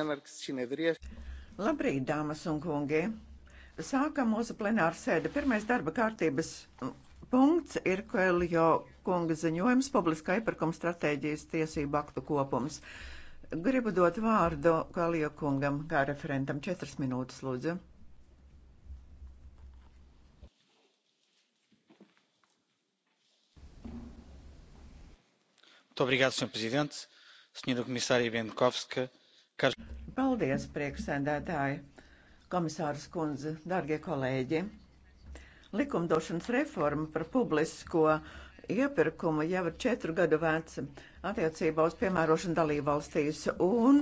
Labrīt, dāmas un kungi! Sākam mūsu plenāru sēdi. Pirmais darba kārtības punkts ir Koeljo kunga ziņojums publiskā iepirkuma stratēģijas tiesību aktu kopums. Gribu dot vārdu Koeljo kungam, kā referentam. Četras minūtes, lūdzu. Muito obrigado, Sr. Presidente, Sra. Comissária Benkovska, Kar... Paldies, priekšsēdētāji, komisāras kundze, dārgie kolēģi. Likumdošanas reforma par publisko iepirkumu jau ir četru gadu veca attiecībā uz piemērošanu dalībvalstīs un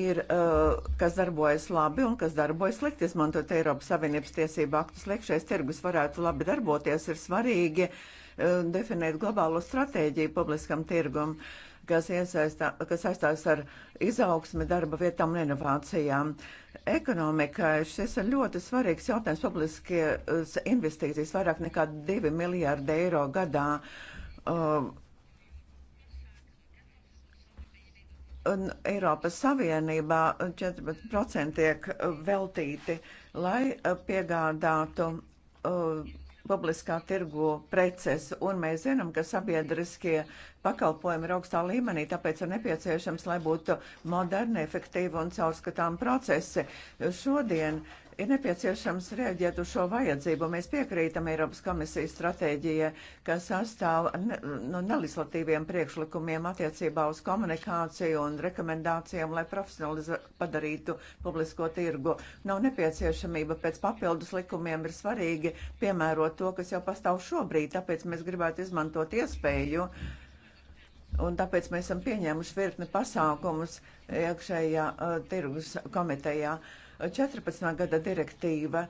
ir, uh, kas darbojas labi un kas darbojas slikti, izmantot Eiropas Savienības tiesību aktus, liekšais tirgus varētu labi darboties, ir svarīgi uh, definēt globālo stratēģiju publiskam tirgum kas, iesaistā, kas saistās ar izaugsmi, darba vietām un inovācijām. Ekonomikai šis ir ļoti svarīgs jautājums. Publiskie investīcijas vairāk nekā 2 miljārdi eiro gadā. Uh, un Eiropas Savienībā 14% tiek veltīti, lai uh, piegādātu uh, publiskā tirgu preces, un mēs zinām, ka sabiedriskie pakalpojumi ir augstā līmenī, tāpēc ir nepieciešams, lai būtu moderni, efektīvi un caurskatām procesi. Šodien uh, Ir nepieciešams rēģēt uz šo vajadzību. Mēs piekrītam Eiropas komisijas stratēģijai, kas sastāv ne, no nu, nelislatīviem priekšlikumiem attiecībā uz komunikāciju un rekomendācijām, lai padarītu publisko tirgu. Nav nepieciešamība pēc papildus likumiem, ir svarīgi piemērot to, kas jau pastāv šobrīd, tāpēc mēs gribētu izmantot iespēju. Un tāpēc mēs esam pieņēmuši virkni pasākumus iekšējā uh, tirgus komitejā. Uh, 14. gada direktīva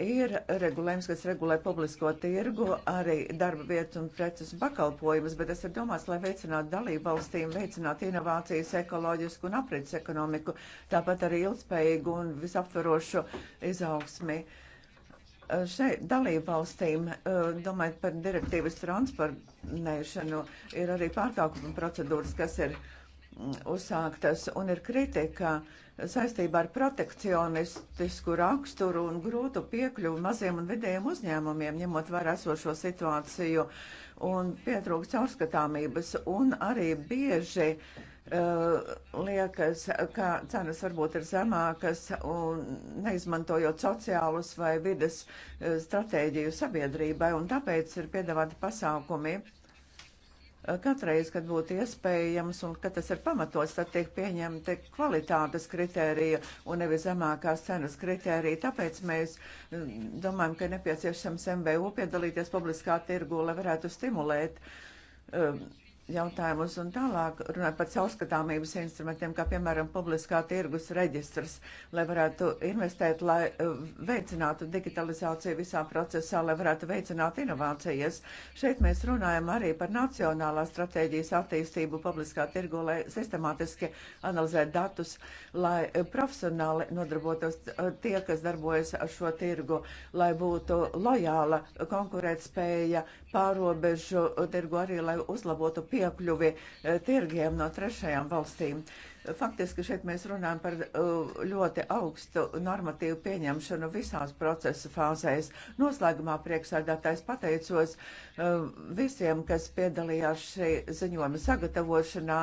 ir regulējums, kas regulē publisko tirgu, arī darba vietu un preces pakalpojumus, bet tas ir domāts, lai veicinātu dalību valstīm, veicinātu inovācijas, ekoloģisku un aprits ekonomiku, tāpat arī ilgspējīgu un visaptverošu izaugsmi. Šeit dalību valstīm, domājot par direktīvas transformēšanu, ir arī pārkāpuma procedūras, kas ir uzsāktas un ir kritika saistībā ar protekcionistisku raksturu un grūtu piekļuvu maziem un vidējiem uzņēmumiem, ņemot vērā esošo situāciju un pietrūkst caurskatāmības un arī bieži uh, liekas, ka cenas varbūt ir zemākas un neizmantojot sociālus vai vides uh, stratēģiju sabiedrībai, un tāpēc ir piedāvāti pasākumi Eh, katreiz, kad būtu iespējams un kad tas ir pamatots, tad tiek pieņemta kvalitātes kritērija un nevis zemākās cenas kritērija. Tāpēc mēs mm, domājam, ka nepieciešams MBU piedalīties publiskā tirgu, lai varētu stimulēt um, jautājumus un tālāk runāt par caurskatāmības instrumentiem, kā piemēram publiskā tirgus reģistrs, lai varētu investēt, lai eh, veicinātu digitalizāciju visā procesā, lai varētu veicināt inovācijas. Šeit mēs runājam arī par nacionālā stratēģijas attīstību publiskā tirgu, lai sistemātiski analizētu datus, lai eh, profesionāli nodarbotos eh, tie, kas darbojas ar šo tirgu, lai būtu lojāla konkurētspēja pārobežu tirgu arī, lai uzlabotu pieeja piekļuvi e, tirgiem no trešajām valstīm. Faktiski šeit mēs runājam par e, ļoti augstu normatīvu pieņemšanu visās procesa fāzēs. Noslēgumā priekšsēdētājs pateicos e, visiem, kas piedalījās šī ziņojuma sagatavošanā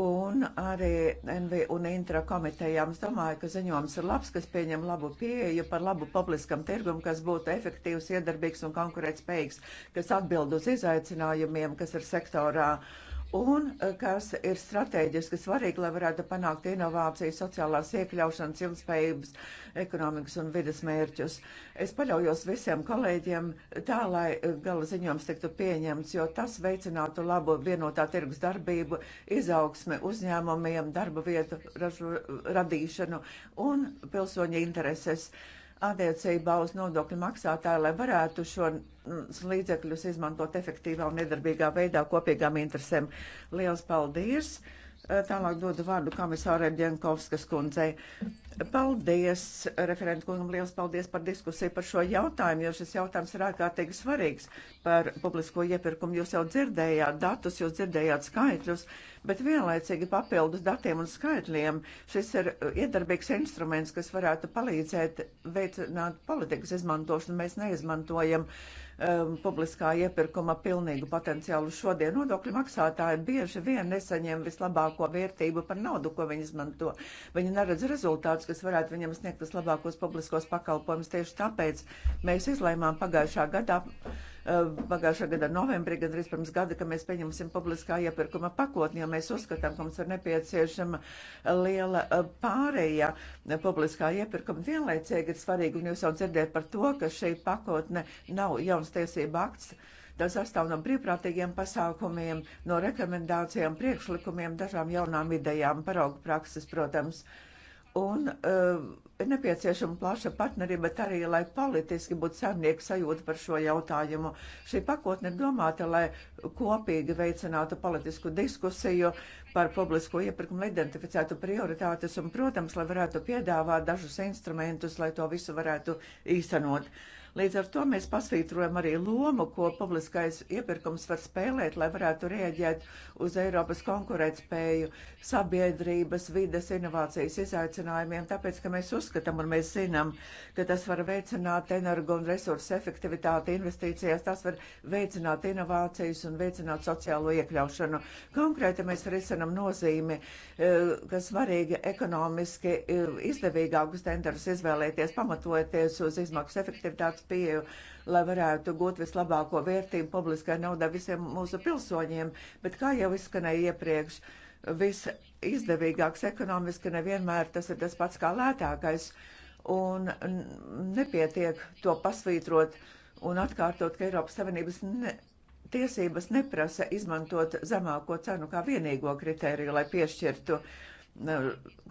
un arī NV un Intra komitejām. Es domāju, ka ziņojums ir labs, kas pieņem labu pieeju par labu publiskam tirgum, kas būtu efektīvs, iedarbīgs un konkurētspējīgs, kas atbild uz izaicinājumiem, kas ir sektorā uh, un eh, kas ir strateģiski svarīgi, lai varētu panākt inovācijas, sociālās iekļaušanas, ilgspējības, ekonomikas un vidas mērķus. Es paļaujos visiem kolēģiem tā, lai eh, gala ziņojums tiktu pieņemts, jo tas veicinātu labu vienotā tirgus darbību, izaugsmi uzņēmumiem, darba vietu ražu, radīšanu un pilsoņu intereses. Uh, attiecībā uz nodokļu maksātāju, lai varētu šo mm, līdzekļus izmantot efektīvā un nedarbīgā veidā kopīgām interesēm. Liels paldies! Eh, tālāk dodu vārdu komisārē Bjankovskas kundzei. Paldies, referenta kungam, liels paldies par diskusiju par šo jautājumu, jo šis jautājums ir ārkārtīgi svarīgs par publisko iepirkumu. Jūs jau dzirdējāt datus, jūs dzirdējāt skaitļus, bet vienlaicīgi papildus datiem un skaitļiem šis ir iedarbīgs instruments, kas varētu palīdzēt veicināt politikas izmantošanu. Mēs neizmantojam uh, um, publiskā iepirkuma pilnīgu potenciālu. Šodien nodokļu maksātāji bieži vien nesaņem vislabāko vērtību par naudu, ko viņi izmanto. Viņi neredz rezultātus, kas varētu viņam sniegt vislabākos publiskos pakalpojumus. Tieši tāpēc mēs izlēmām pagājušā gadā uh, pagājušā gada novembrī, gandrīz pirms gada, ka mēs pieņemsim publiskā iepirkuma pakotni, jo mēs uzskatām, ka mums ir nepieciešama liela eh, pārēja publiskā iepirkuma. Vienlaicīgi ir svarīgi, un jūs jau dzirdējat par to, ka šī pakotne nav jauns tiesība akts. Tas sastāv no brīvprātīgiem pasākumiem, no rekomendācijām, priekšlikumiem, dažām jaunām idejām, paraugu prakses, protams. Un uh, ir nepieciešama plaša partnerība, bet arī, lai politiski būtu saimnieku sajūta par šo jautājumu. Šī pakotne ir domāta, lai kopīgi veicinātu politisku diskusiju par publisko iepirkumu, lai identificētu prioritātes un, protams, lai varētu piedāvāt dažus instrumentus, lai to visu varētu īstenot. Uh, Līdz ar to mēs pasvītrojam arī lomu, ko publiskais iepirkums var spēlēt, lai varētu rieģēt uz Eiropas konkurētspēju, sabiedrības, vides, inovācijas izaicinājumiem, tāpēc, ka mēs uzskatām un mēs zinām, ka tas var veicināt energo un resursu efektivitāti investīcijās, tas var veicināt inovācijas un veicināt sociālo iekļaušanu. Konkrēti mēs risinam nozīmi, eh, ka svarīgi ekonomiski eh, izdevīgākus tenderus izvēlēties, pamatojoties uz izmaksu efektivitātes pieeju, lai varētu gūt vislabāko vērtību publiskai naudai visiem mūsu pilsoņiem, bet kā jau izskanēja iepriekš, visizdevīgāks ekonomiski nevienmēr tas ir tas pats kā lētākais, un nepietiek to pasvītrot un atkārtot, ka Eiropas Savienības ne, tiesības neprasa izmantot zemāko cenu kā vienīgo kritēriju, lai piešķirtu nu,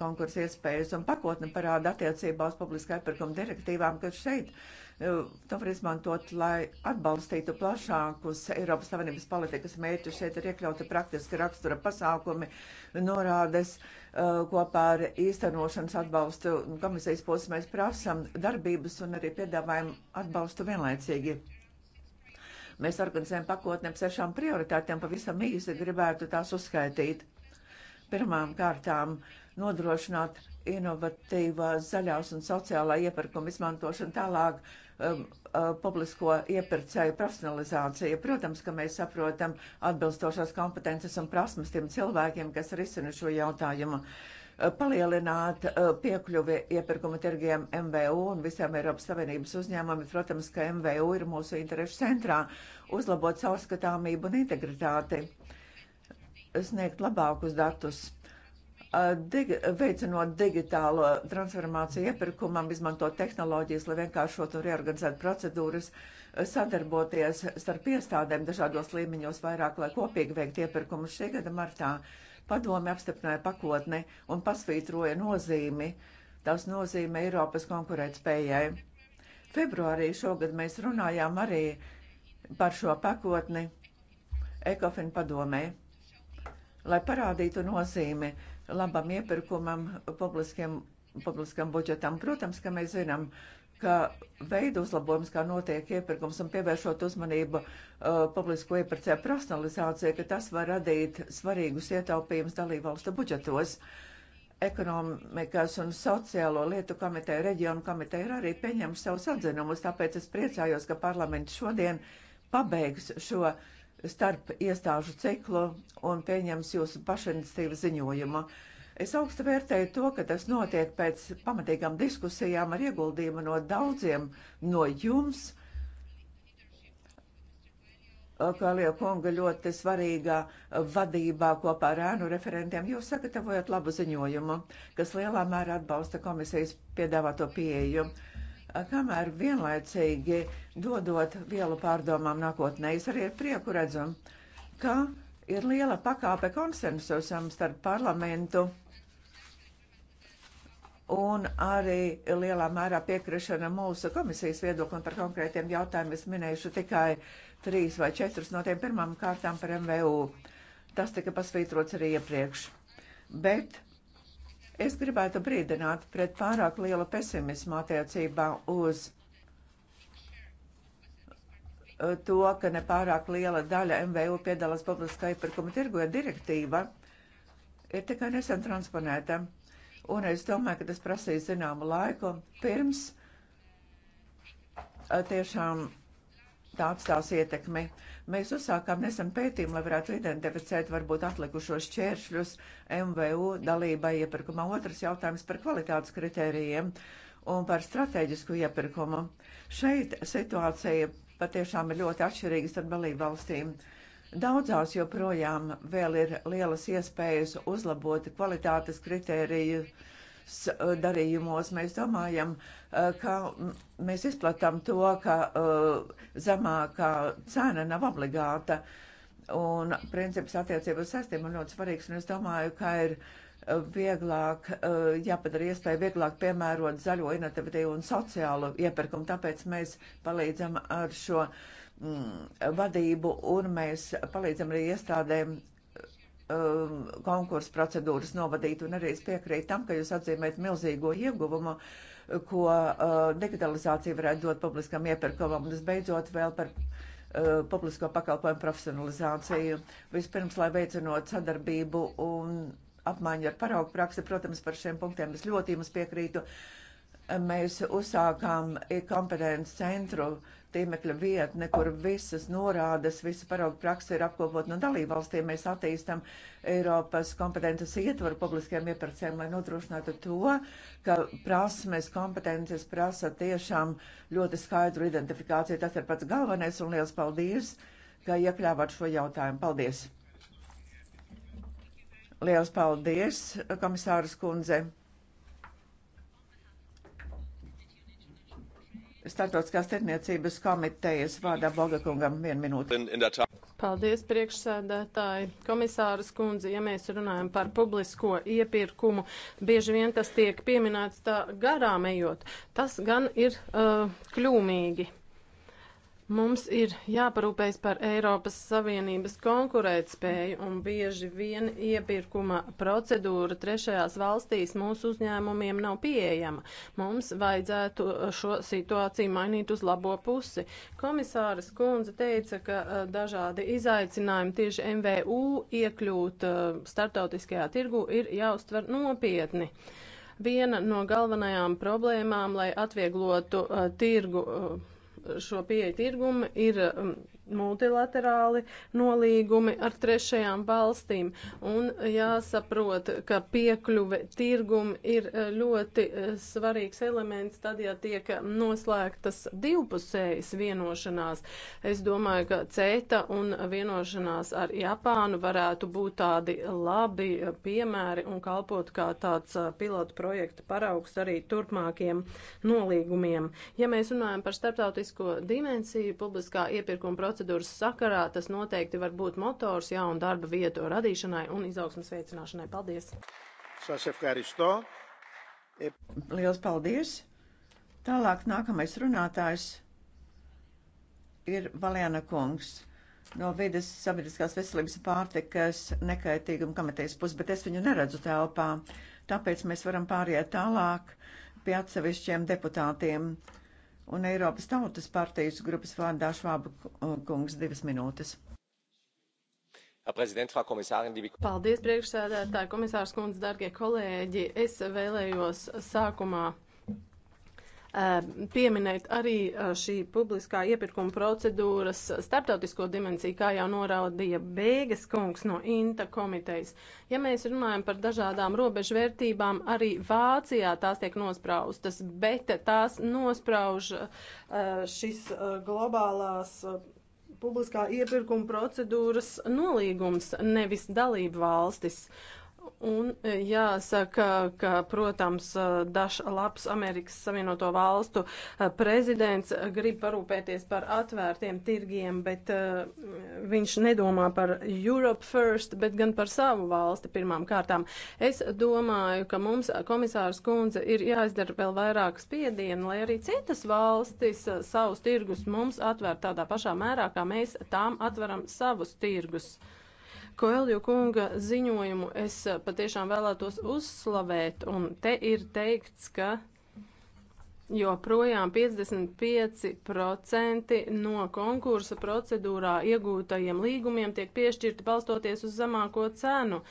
konkursu iespējas un pakotni parāda attiecībā uz publiskā iepirkuma direktīvām, ka šeit Eh, to var izmantot, lai atbalstītu plašākus Eiropas Savienības politikas mērķus. Šeit ir iekļauti praktiski rakstura pasākumi, norādes eh, kopā ar īstenošanas atbalstu. Komisijas puses mēs prasam darbības un arī piedāvājam atbalstu vienlaicīgi. Mēs organizējam pakotnēm sešām prioritātēm, pavisam īsi gribētu tās uzskaitīt. Pirmām kārtām nodrošināt inovatīvās zaļās un sociālā iepirkuma izmantošanu tālāk um, uh, publisko iepirkēju profesionalizācija. Protams, ka mēs saprotam atbilstošās kompetences un prasmes tiem cilvēkiem, kas risina šo jautājumu. Uh, palielināt uh, piekļuvi iepirkuma tirgiem MVU un visiem Eiropas Savienības uzņēmumiem. Protams, ka MVU ir mūsu interešu centrā uzlabot caurskatāmību un integritāti, sniegt labākus datus dig, veicinot digitālo transformāciju iepirkumam, izmantot tehnoloģijas, lai vienkāršotu un reorganizētu procedūras, sadarboties starp iestādēm dažādos līmeņos vairāk, lai kopīgi veiktu iepirkumus šī gada martā. Padome apstiprināja pakotni un pasvītroja nozīmi. Tas nozīmē Eiropas konkurētspējai. Februārī šogad mēs runājām arī par šo pakotni Ekofin padomē, lai parādītu nozīmi labam iepirkumam publiskiem, publiskam budžetam. Protams, ka mēs zinām, ka veidu uzlabojums, kā notiek iepirkums un pievēršot uzmanību uh, publisko iepirkēju personalizācijai, ka tas var radīt svarīgus ietaupījumus dalībvalstu budžetos. Ekonomikas un sociālo lietu komiteja, reģionu komiteja ir arī pieņemusi savus atzinumus, tāpēc es priecājos, ka parlaments šodien pabeigs šo uh, starp iestāžu ciklu un pieņems jūsu pašinicitīvas ziņojumu. Es augstu vērtēju to, ka tas notiek pēc pamatīgām diskusijām ar ieguldījumu no daudziem no jums. Kalija kunga ļoti svarīgā vadībā kopā ar ēnu referentiem jūs sagatavojat labu ziņojumu, kas lielā mērā atbalsta komisijas piedāvāto pieeju. Uh, kamēr vienlaicīgi dodot vielu pārdomām nākotnē. Es arī ar prieku redzu, ka ir liela pakāpe konsensusam starp parlamentu un arī lielā mērā piekrišana mūsu komisijas viedoklim par konkrētiem jautājumiem. Es minēšu tikai trīs vai četrus no tiem pirmām kārtām par MVU. Tas tika pasvītrots arī iepriekš. Bet Es gribētu brīdināt pret pārāk lielu pesimismu attiecībā uz eh, to, ka ne pārāk liela daļa MVU piedalās publiskā iepirkuma tirgu, ja direktīva ir tikai nesen transponēta. Un es domāju, ka tas prasīs zināmu laiku pirms eh, tiešām tā atstās ietekmi. Uh, Mēs uzsākām nesen pētījumu, lai varētu identificēt varbūt atlikušos šķēršļus MVU dalībai iepirkumā. Otrs jautājums par kvalitātes kritērijiem un par strateģisku iepirkumu. Šeit situācija patiešām ir ļoti atšķirīga starp dalību valstīm. Daudzās joprojām vēl ir lielas iespējas uzlabot kvalitātes kritēriju eh, darījumos. Mēs domājam, eh, ka mēs izplatām to, ka eh, zemākā cena nav obligāta. Un princips attiecībā uz sestiem ir ļoti svarīgs, un es domāju, ka ir e, vieglāk, e, jāpadara iespēja vieglāk piemērot zaļo, inovatīvu un sociālu iepirkumu. Tāpēc mēs palīdzam ar šo mm, vadību, un mēs palīdzam arī iestādēm e, konkursu procedūras novadīt, un arī es piekrītu tam, ka jūs atzīmējat milzīgo ieguvumu ko uh, digitalizācija varētu dot publiskam iepirkumam. Un, visbeidzot, vēl par uh, publisko pakalpojumu profesionalizāciju. Vispirms, lai veicinot sadarbību un apmaiņu ar paraugu praksi, protams, par šiem punktiem es ļoti jums piekrītu. Mēs uzsākām kompetences centru uh, tīmekļa vietne, kur visas norādes, visa parauga praksa ir apkopot no dalībvalstīm. Mēs attīstam Eiropas kompetences ietvaru publiskajiem iepirkcijiem, lai nodrošinātu to, ka prasmes, kompetences prasa tiešām ļoti skaidru identifikāciju. Tas ir pats galvenais un liels paldies, ka iekļāvāt šo jautājumu. Paldies! Liels paldies, komisāras kundze! Startautiskās tirniecības komitejas vārdā Bogakungam vienu minūti. Paldies, priekšsēdētāji. Komisāras kundze, ja mēs runājam par publisko iepirkumu, bieži vien tas tiek pieminēts tā garām ejot. Tas gan ir uh, kļūmīgi. Mums ir jāparūpējas par Eiropas Savienības konkurētspēju, un bieži vien iepirkuma procedūra trešajās valstīs mūsu uzņēmumiem nav pieejama. Mums vajadzētu uh, šo situāciju mainīt uz labo pusi. Komisāras kundze teica, ka uh, dažādi izaicinājumi tieši MVU iekļūt uh, startautiskajā tirgu ir jāuztver nopietni viena no galvenajām problēmām, lai atvieglotu uh, tirgu uh, šo pieeja tirgumu ir um, multilaterāli nolīgumi ar trešajām valstīm. Un jāsaprot, ka piekļuve tirgum ir e, ļoti e, svarīgs elements tad, ja tiek noslēgtas divpusējas vienošanās. Es domāju, ka CETA un vienošanās ar Japānu varētu būt tādi labi piemēri un kalpot kā tāds e, pilotu projekta paraugs arī turpmākiem nolīgumiem. Ja mēs runājam par starptautisko dimensiju, publiskā iepirkuma procesa, procedūras sakarā tas noteikti var būt motors jaunu darba vietu radīšanai un izaugsmas veicināšanai. Paldies! Liels paldies! Tālāk nākamais runātājs ir Valēna Kungs no vides sabiedriskās veselības pārtikas nekaitīguma komitejas puses, bet es viņu neredzu telpā. Tāpēc mēs varam pāriet tālāk pie atsevišķiem deputātiem un Eiropas Tautas partijas grupas vārdā Švāba uh, kungs divas minūtes. Paldies, priekšsēdētāji, komisārs kundze, darbie kolēģi. Es vēlējos sākumā Ehm, pieminēt arī eh, šī publiskā iepirkuma procedūras starptautisko dimensiju, kā jau norādīja Bēgas kungs no INTA komitejas. Ja mēs runājam par dažādām robežvērtībām, arī Vācijā tās tiek nospraustas, bet tās nosprauž eh, šis eh, globālās publiskā iepirkuma procedūras nolīgums, nevis dalību valstis. Uh, Un e, jāsaka, ka, protams, e, dažs labs Amerikas Savienoto valstu e, prezidents grib parūpēties par atvērtiem tirgiem, bet uh, viņš nedomā par Europe first, bet gan par savu valsti pirmām kārtām. Es domāju, ka mums komisārs kundze ir jāizdara vēl vairāk spiedienu, lai arī citas valstis savus tirgus mums atvēr tādā pašā mērā, kā mēs tām atveram savus tirgus. Uh, Koelju kunga ziņojumu es eh, patiešām vēlētos uzslavēt, un te ir teikts, ka joprojām 55% no konkursa procedūrā iegūtajiem līgumiem tiek piešķirti balstoties uz zemāko cenu.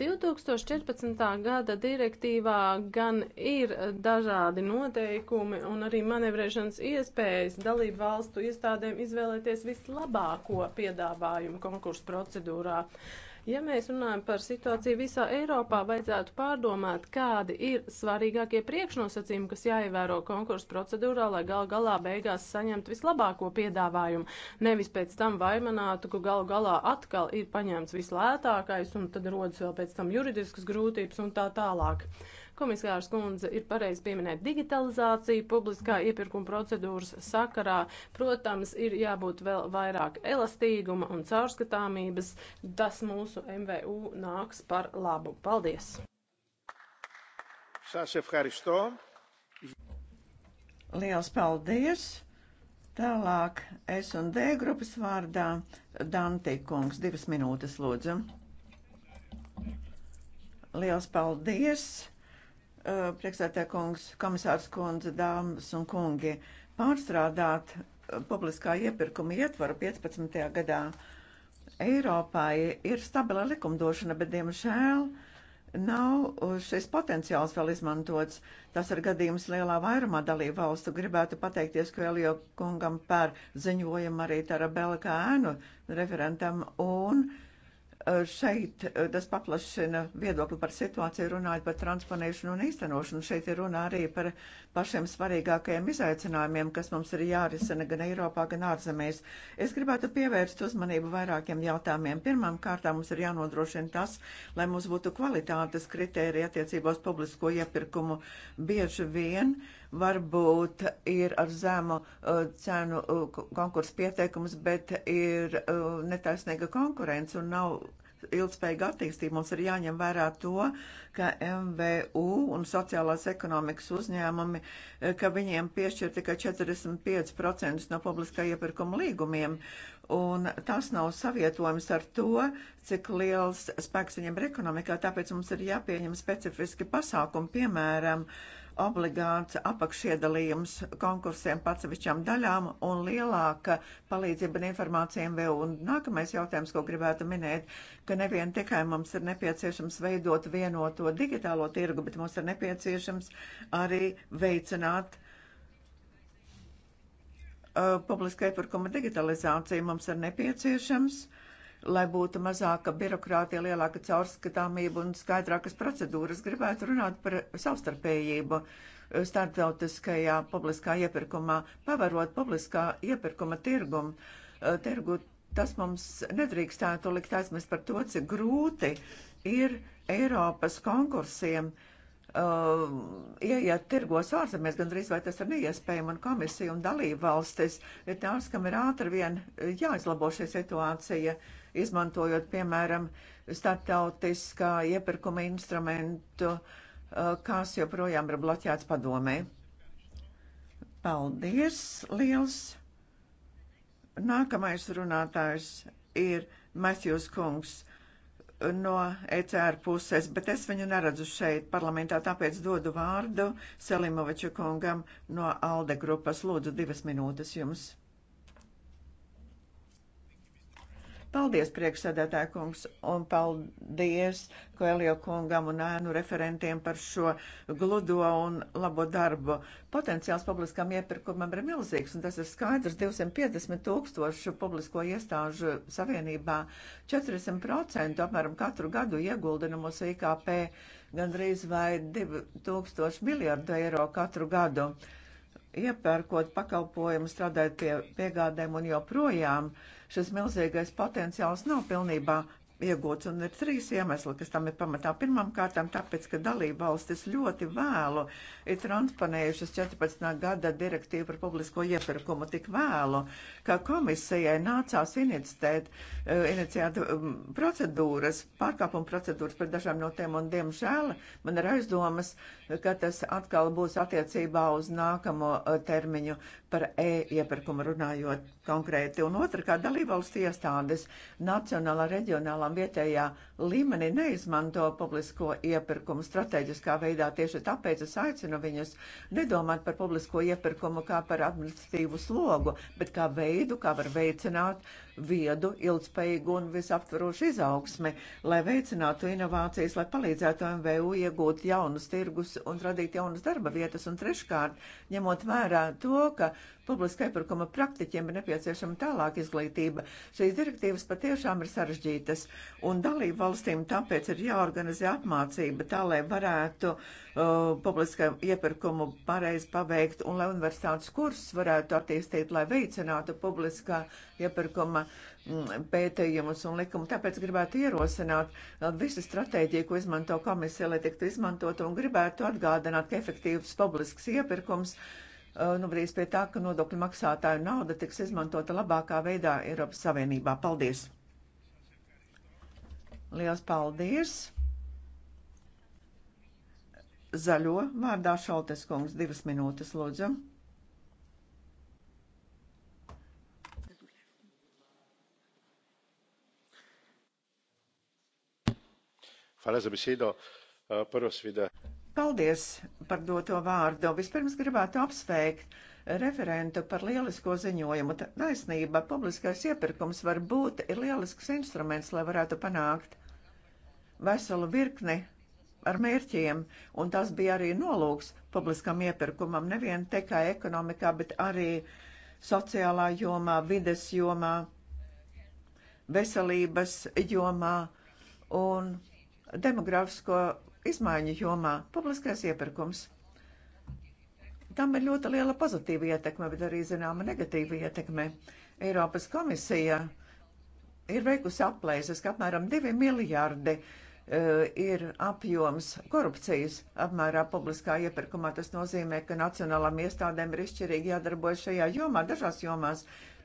2014. gada direktīvā gan ir dažādi noteikumi un arī manevrēšanas iespējas dalību valstu iestādēm izvēlēties vislabāko piedāvājumu konkursa procedūrā. Uh, Ja mēs runājam par situāciju visā Eiropā, vajadzētu pārdomāt, kādi ir svarīgākie priekšnosacījumi, kas jāievēro konkursu procedūrā, lai gal galā beigās saņemtu vislabāko piedāvājumu. Nevis pēc tam vaimanātu, ka gal galā atkal ir paņemts vislētākais un tad rodas vēl pēc tam juridiskas grūtības un tā tālāk. Komisārs kundze ir pareizi pieminēt digitalizāciju publiskā iepirkuma procedūras sakarā. Protams, ir jābūt vēl vairāk elastīguma un caurskatāmības. Tas mūsu MVU nāks par labu. Paldies! Liels paldies! Tālāk S un D grupas vārdā Dantī kungs. Divas minūtes lūdzu. Liels paldies! Eh, priekšsētē kungs, komisārs kundze, dāmas un kungi, pārstrādāt eh, publiskā iepirkuma ietvaru 15. gadā Eiropai ir stabila likumdošana, bet, diemžēl, nav šis potenciāls vēl izmantots. Tas ir gadījums lielā vairumā dalību valstu. Gribētu pateikties Kvēlijo kungam par ziņojumu arī Tarabela kā ēnu referentam un uh, Eh, šeit eh, tas paplašina viedokli par situāciju, runājot par transponēšanu un īstenošanu. Šeit ir runa arī par pašiem svarīgākajiem izaicinājumiem, kas mums ir jārisina gan Eiropā, gan ārzemēs. Es gribētu pievērst uzmanību vairākiem jautājumiem. Pirmām kārtām mums ir jānodrošina tas, lai mums būtu kvalitātes kritērija attiecībos publisko iepirkumu. Bieži vien varbūt ir ar zemu uh, cenu uh, konkursu pieteikums, bet ir uh, netaisnīga konkurence un nav ilgspējīgu attīstību, mums ir jāņem vērā to, ka MVU un sociālās ekonomikas uzņēmumi, eh, ka viņiem piešķir tikai 45% no publiskā iepirkuma līgumiem, un tas nav savietojams ar to, cik liels spēks viņiem ir ekonomikā, tāpēc mums ir jāpieņem specifiski pasākumi, piemēram, uh, obligāts apakšiedalījums konkursiem pacevišķām daļām un lielāka palīdzība un informācijām vēl. Un nākamais jautājums, ko gribētu minēt, ka nevien tikai mums ir nepieciešams veidot vienoto digitālo tirgu, bet mums ir nepieciešams arī veicināt uh, publiskā iepirkuma digitalizāciju. Mums ir nepieciešams uh, lai būtu mazāka birokrātija, lielāka caurskatāmība un skaidrākas procedūras, gribētu runāt par savstarpējību starptautiskajā publiskā iepirkumā, pavarot publiskā iepirkuma tirgumu. Eh, tirgu tas mums nedrīkstētu likt aizmirst par to, cik grūti ir Eiropas konkursiem uh, ieiet tirgos ārzemēs, gandrīz vai tas ir neiespējami, un komisija un dalība valstis ir tās, kam ir ātri vien jāizlabo šī situācija. Uh, izmantojot, piemēram, starptautiskā iepirkuma instrumentu, uh, kas joprojām ir bloķēts padomē. Paldies liels! Nākamais runātājs ir Matthews Kungs no ECR puses, bet es viņu neredzu šeit parlamentā, tāpēc dodu vārdu Selimoviča kungam no ALDE grupas. Lūdzu, divas minūtes jums. Paldies, priekšsēdētāja kungs, un paldies Koelio kungam un ēnu referentiem par šo gludo un labo darbu. Potenciāls publiskam iepirkumam ir milzīgs, un tas ir skaidrs 250 tūkstošu publisko iestāžu savienībā. 40% apmēram katru gadu ieguldina mūsu IKP gandrīz vai 2000 miljardu eiro katru gadu iepērkot pakalpojumu, strādājot pie piegādēm un joprojām šis milzīgais potenciāls nav pilnībā iegūts, un ir trīs iemesli, kas tam ir pamatā. Pirmām kārtām tāpēc, ka dalība valstis ļoti vēlu ir transponējušas 14. gada direktīvu par publisko iepirkumu tik vēlu, ka komisijai nācās eh, iniciēt, iniciēt um, procedūras, pārkāpuma procedūras par dažām no tiem, un diemžēl man ir aizdomas, ka tas atkal būs attiecībā uz nākamo eh, termiņu par e-iepirkumu runājot konkrēti. Un otrkārt, dalībvalsts iestādes nacionālā, reģionālā vietējā līmenī neizmanto publisko iepirkumu strateģiskā veidā. Tieši tāpēc es aicinu viņus nedomāt par publisko iepirkumu kā par administratīvu slogu, bet kā veidu, kā var veicināt viedu, ilgspējīgu un visaptvarošu izaugsmi, lai veicinātu inovācijas, lai palīdzētu MVU iegūt jaunus tirgus un radīt jaunas darba vietas. Un treškārt, ņemot vērā to, ka publiskā iepirkuma praktiķiem ir nepieciešama tālāk izglītība, šīs direktīvas patiešām ir sarežģītas. Un dalība valstīm, tāpēc ir jāorganizē apmācība tā, lai varētu uh, publiskā iepirkumu pareizi paveikt un lai universitātes kursus varētu attīstīt, lai veicinātu publiskā iepirkuma mm, pētījumus un likumu. Tāpēc gribētu ierosināt uh, visu stratēģiju, ko izmanto komisija, lai tiktu izmantot un gribētu atgādināt, ka efektīvs publisks iepirkums novadīs uh, nu, pie tā, ka nodokļu maksātāju nauda tiks izmantota labākā veidā Eiropas Savienībā. Paldies! Liels paldies! Zaļo vārdā Šaltes kungs divas minūtes lūdzu. Hvala za besedo. Eh, prvo seveda. Paldies par doto vārdu. Vispirms gribētu apsveikt referentu par lielisko ziņojumu. Taisnība, publiskais iepirkums var būt ir lielisks instruments, lai varētu panākt veselu virkni ar mērķiem, un tas bija arī nolūks publiskam iepirkumam nevien tikai ekonomikā, bet arī sociālā jomā, vides jomā, veselības jomā un demografisko izmaiņu jomā - publiskais iepirkums. Tam ir ļoti liela pozitīva ietekme, bet arī zināma negatīva ietekme. Eiropas komisija ir veikusi aplēses, ka apmēram 2 miljārdi uh, Eh, ir apjoms korupcijas apmērā publiskā iepirkumā. Tas nozīmē, ka nacionālām iestādēm ir izšķirīgi jādarbojas šajā jomā, dažās jomās.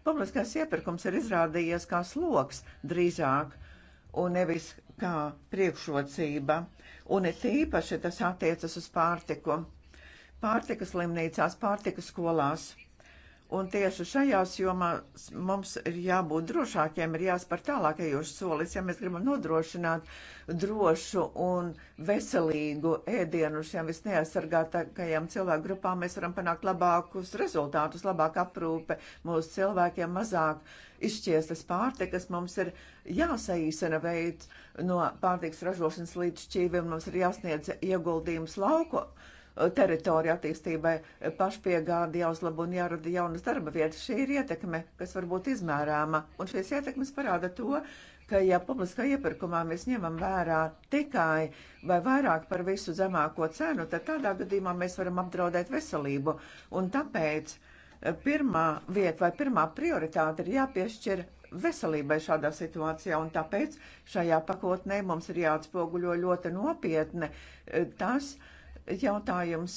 Publiskais iepirkums ir izrādījies kā sloks drīzāk un nevis kā priekšrocība. Un it īpaši tas attiecas uz pārtiku. Pārtikas slimnīcās, pārtikas skolās Un tieši šajās jomās mums ir jābūt drošākiem, ir jāspēr tālākajošs solis, ja mēs gribam nodrošināt drošu un veselīgu ēdienu šiem visneaizsargātākajām cilvēku grupām. Mēs varam panākt labākus rezultātus, labāk aprūpe mūsu cilvēkiem, mazāk izšķiestas pārtikas. Mums ir jāsaīsina veids no pārtikas ražošanas līdz šķīviem, mums ir jāsniedz ieguldījums lauku teritoriju attīstībai, pašpiegādi jāuzlabo un jārada jaunas darba vietas. Šī ir ietekme, kas var būt izmērāma, un šīs ietekmes parāda to, ka, ja publiskā iepirkumā mēs ņemam vērā tikai vai vairāk par visu zemāko cenu, tad tādā gadījumā mēs varam apdraudēt veselību. Un tāpēc eh, pirmā vieta vai pirmā prioritāte ir jāpiešķir veselībai šādā situācijā, un tāpēc šajā pakotnē mums ir jāatspoguļo ļoti nopietni eh, tas, uh, jautājums,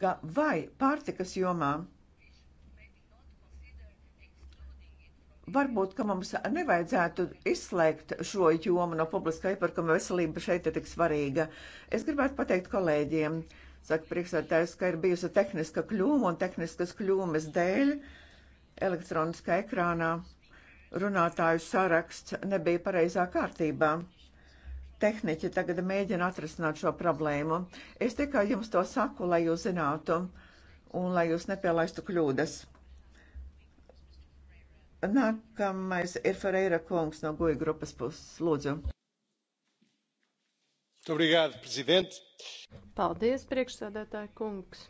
ka vai pārtikas jomā varbūt, ka mums nevajadzētu izslēgt šo jomu no publiskā iepirkuma veselība šeit ir tik svarīga. Es gribētu pateikt kolēģiem, saka priekšsētājs, ka ir bijusi tehniska kļūma un tehniskas kļūmes dēļ elektroniskā ekrānā runātāju saraksts nebija pareizā kārtībā tehniķi tagad mēģina atrasināt šo problēmu. Es tikai jums to saku, lai jūs zinātu un lai jūs nepielaistu kļūdas. Nākamais ir Ferreira kungs no Guja grupas puses. Lūdzu. Obrigado, prezident. Paldies, priekšsēdētāji kungs.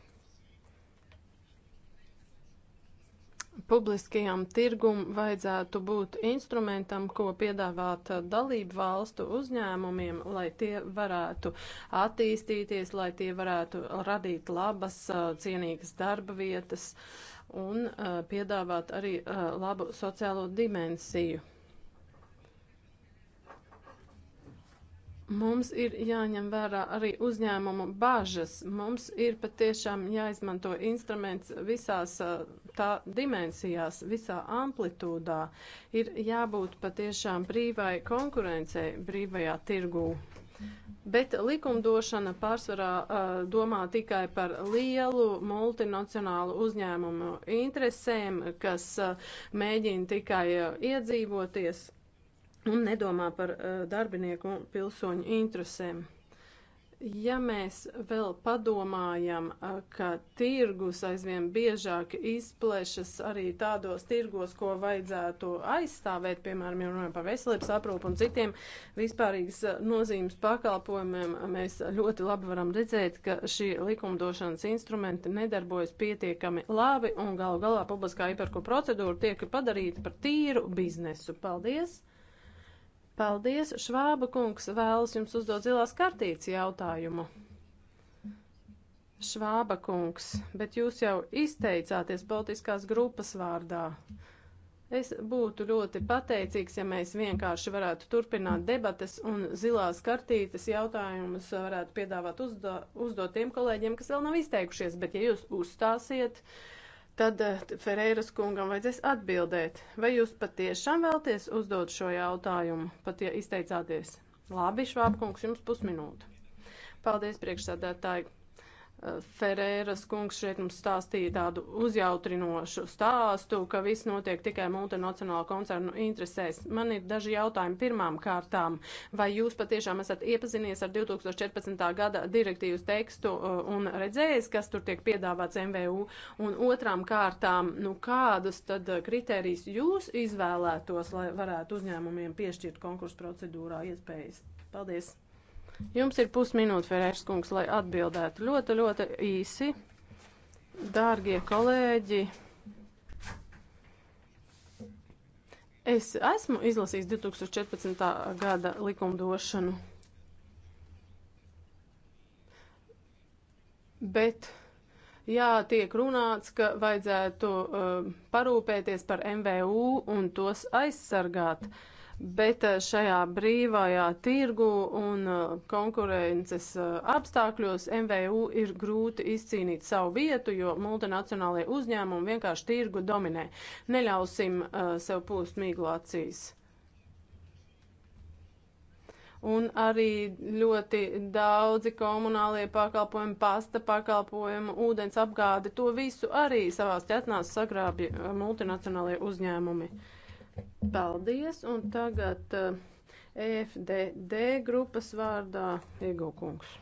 Publiskajam tirgum vajadzētu būt instrumentam, ko piedāvāt dalību valstu uzņēmumiem, lai tie varētu attīstīties, lai tie varētu radīt labas, cienīgas darba vietas un piedāvāt arī labu sociālo dimensiju. Mums ir jāņem vērā arī uzņēmumu bāžas. Mums ir patiešām jāizmanto instruments visās tā dimensijās, visā amplitūdā. Ir jābūt patiešām brīvai konkurencei brīvajā tirgū. Bet likumdošana pārsvarā uh, domā tikai par lielu multinacionālu uzņēmumu interesēm, kas uh, mēģina tikai uh, iedzīvoties un nedomā par eh, darbinieku un pilsoņu interesēm. Ja mēs vēl padomājam, eh, ka tirgus aizvien biežāk izplešas arī tādos tirgos, ko vajadzētu aizstāvēt, piemēram, ja runājam par veselības aprūpu un citiem vispārīgas eh, nozīmes pakalpojumiem, mēs ļoti labi varam redzēt, ka šī likumdošanas instrumenti nedarbojas pietiekami labi un galu galā publiskā iepirku procedūra tiek padarīta par tīru biznesu. Paldies! Paldies, Švāba kungs vēlas jums uzdot zilās kartītes jautājumu. Švāba kungs, bet jūs jau izteicāties Baltiskās grupas vārdā. Es būtu ļoti pateicīgs, ja mēs vienkārši varētu turpināt debates un zilās kartītes jautājumus varētu piedāvāt uzdo, uzdot tiem kolēģiem, kas vēl nav izteikušies, bet ja jūs uzstāsiet, uh, Tad eh, Ferēras kungam vajadzēs atbildēt, vai jūs patiešām vēlties uzdot šo jautājumu, pat ja izteicāties. Labi, Švābkungs, jums pusminūte. Paldies, priekšsādātāji. Ferēras kungs šeit mums stāstīja tādu uzjautrinošu stāstu, ka viss notiek tikai multinacionāla koncernu interesēs. Man ir daži jautājumi pirmām kārtām. Vai jūs patiešām esat iepazinies ar 2014. gada direktīvas tekstu uh, un redzējis, kas tur tiek piedāvāts MVU? Un otrām kārtām, nu kādus tad uh, kriterijus jūs izvēlētos, lai varētu uzņēmumiem piešķirt konkursu procedūrā iespējas? Paldies! Jums ir pusminūte, Ferērs kungs, lai atbildētu ļoti, ļoti īsi. Dārgie kolēģi, es esmu izlasījis 2014. gada likumdošanu, bet jā, tiek runāts, ka vajadzētu uh, parūpēties par MVU un tos aizsargāt. Uh, bet eh, šajā brīvajā tirgu un eh, konkurences eh, apstākļos MVU ir grūti izcīnīt savu vietu, jo multinacionālajie uzņēmumi vienkārši tirgu dominē. Neļausim uh, sev pūst miglācijas. Un arī ļoti daudzi komunālie pakalpojumi, pasta pakalpojumi, ūdens apgāde, to visu arī savās ķetnās sagrābja multinacionālie uzņēmumi. Mm. Paldies, un tagad uh, eh, EFDD grupas vārdā Iego kungs.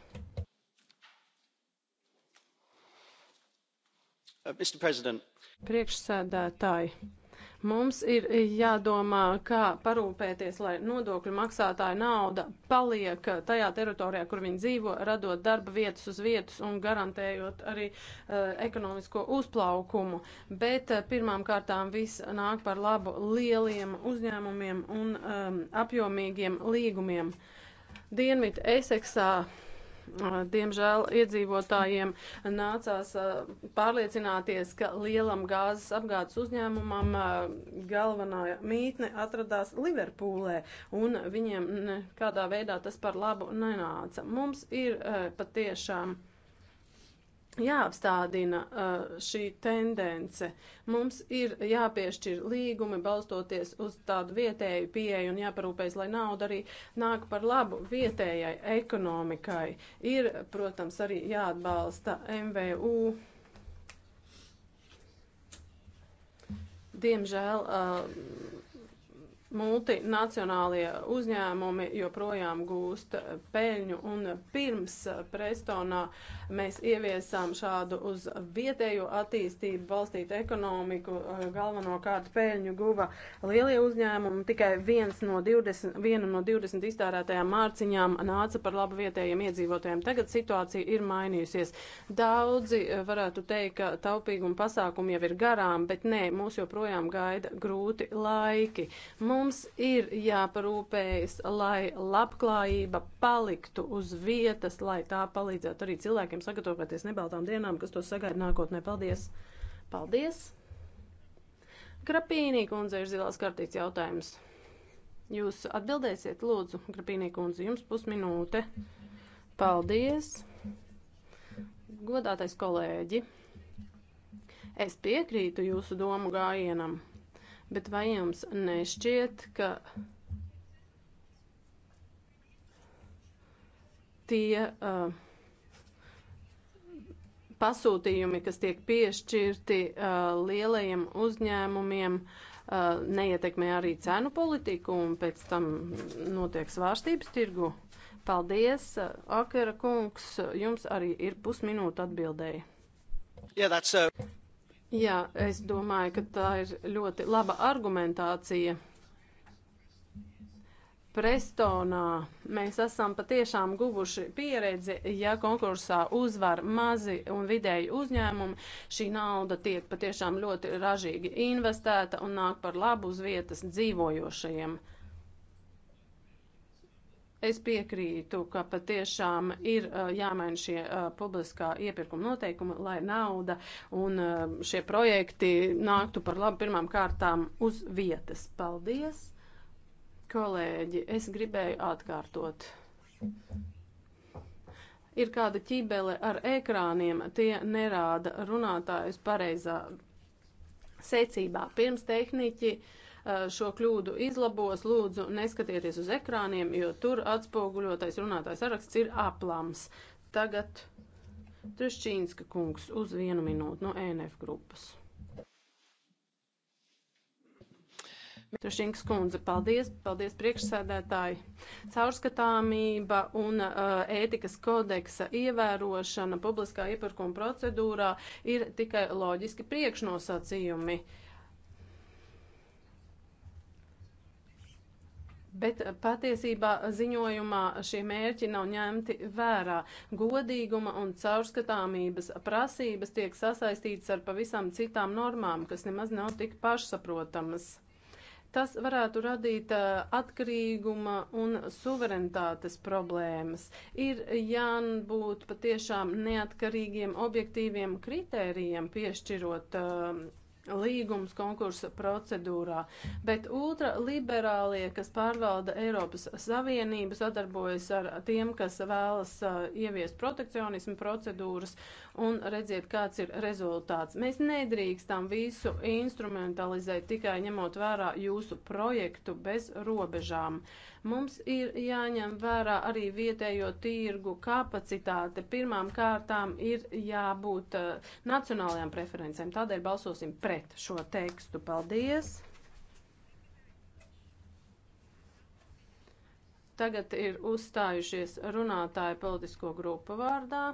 Uh, Priekšsēdētāji. Mums ir jādomā, kā parūpēties, lai nodokļu maksātāja nauda paliek tajā teritorijā, kur viņi dzīvo, radot darba vietas uz vietas un garantējot arī uh, ekonomisko uzplaukumu. Bet uh, pirmām kārtām viss nāk par labu lieliem uzņēmumiem un um, apjomīgiem līgumiem. Dienvidu Eseksā Diemžēl iedzīvotājiem nācās pārliecināties, ka lielam gāzes apgādes uzņēmumam galvenā mītne atradās Liverpūlē, un viņiem nekādā veidā tas par labu nenāca. Mums ir patiešām jāapstādina uh, šī tendence. Mums ir jāpiešķir līgumi balstoties uz tādu vietēju pieeju un jāparūpēs, lai nauda arī nāk par labu vietējai ekonomikai. Ir, protams, arī jāatbalsta MVU. Diemžēl uh, multinacionālie uzņēmumi joprojām gūst peļņu, un pirms Prestonā mēs ieviesām šādu uz vietējo attīstību balstītu ekonomiku, galvenokārt peļņu guva lielie uzņēmumi, tikai viens no 20, viena no 20 iztērētajām mārciņām nāca par labu vietējiem iedzīvotājiem. Tagad situācija ir mainījusies. Daudzi varētu teikt, ka taupīguma pasākumi jau ir garām, bet nē, mūs joprojām gaida grūti laiki. Mums Mums ir jāparūpējas, lai labklājība paliktu uz vietas, lai tā palīdzētu arī cilvēkiem sagatavoties nebaltām dienām, kas to sagaida nākotnē. Paldies! Paldies! Grapīnī kundze ir zilās kartīts jautājums. Jūs atbildēsiet, lūdzu, Grapīnī kundze, jums pusminūte. Paldies! Godātais kolēģi! Es piekrītu jūsu domu gājienam. Bet vai jums nešķiet, ka tie uh, pasūtījumi, kas tiek piešķirti uh, lielajiem uzņēmumiem, uh, neietekmē arī cenu politiku un pēc tam notiek svārstības tirgu? Paldies, Akera kungs, jums arī ir pusminūte atbildēji. Yeah, that's, uh... Jā, es domāju, ka tā ir ļoti laba argumentācija. Prestonā mēs esam patiešām guvuši pieredzi, ja konkursā uzvar mazi un vidēji uzņēmumi, šī nauda tiek patiešām ļoti ražīgi investēta un nāk par labu uz vietas dzīvojošajiem. Es piekrītu, ka patiešām ir uh, jāmaina šie uh, publiskā iepirkuma noteikumi, lai nauda un uh, šie projekti nāktu par labu pirmām kārtām uz vietas. Paldies, kolēģi! Es gribēju atkārtot. Ir kāda ķībele ar ekrāniem, tie nerāda runātājus pareizā secībā. Pirms tehniķi uh, Eh, šo kļūdu izlabos. Lūdzu, neskatieties uz ekrāniem, jo tur atspoguļotais runātājs saraksts ir aplams. Tagad Trušķīnska kungs uz vienu minūtu no ENF grupas. Šinks kundze, paldies, paldies priekšsēdētāji. Caurskatāmība un uh, ētikas kodeksa ievērošana publiskā iepirkuma procedūrā ir tikai loģiski priekšnosacījumi. Uh, Bet patiesībā ziņojumā šie mērķi nav ņemti vērā. Godīguma un caurskatāmības prasības tiek sasaistītas ar pavisam citām normām, kas nemaz nav tik pašsaprotamas. Tas varētu radīt atkarīguma un suverenitātes problēmas. Ir jābūt patiešām neatkarīgiem objektīviem kritērijiem piešķirot uh, līgums konkursa procedūrā, bet ultraliberālie, kas pārvalda Eiropas Savienību, sadarbojas ar tiem, kas vēlas uh, ieviest protekcionismu procedūras un redziet, kāds ir rezultāts. Mēs nedrīkstam visu instrumentalizēt tikai ņemot vērā jūsu projektu bez robežām. Mums ir jāņem vērā arī vietējo tirgu kapacitāte. Pirmām kārtām ir jābūt uh, nacionālajām preferencēm. Tādēļ balsosim pret šo tekstu. Paldies! Tagad ir uzstājušies runātāji politisko grupu vārdā.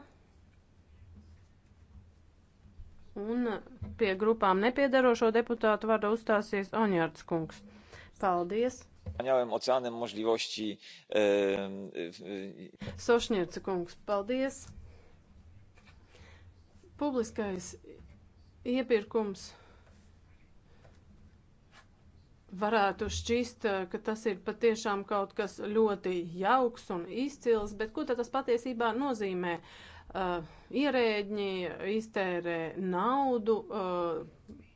Un pie grupām nepiedarošo deputātu vārdu uzstāsies Oņārds kungs. Paldies! Wspaniałym oceanem możliwości. E, e... e Sošņērca kungs, paldies! Publiskais iepirkums varētu šķist, e, ka tas ir patiešām kaut kas ļoti jauks un izcils, bet ko tad tas patiesībā nozīmē? Uh, uh, ierēģi iztērē naudu. Uh,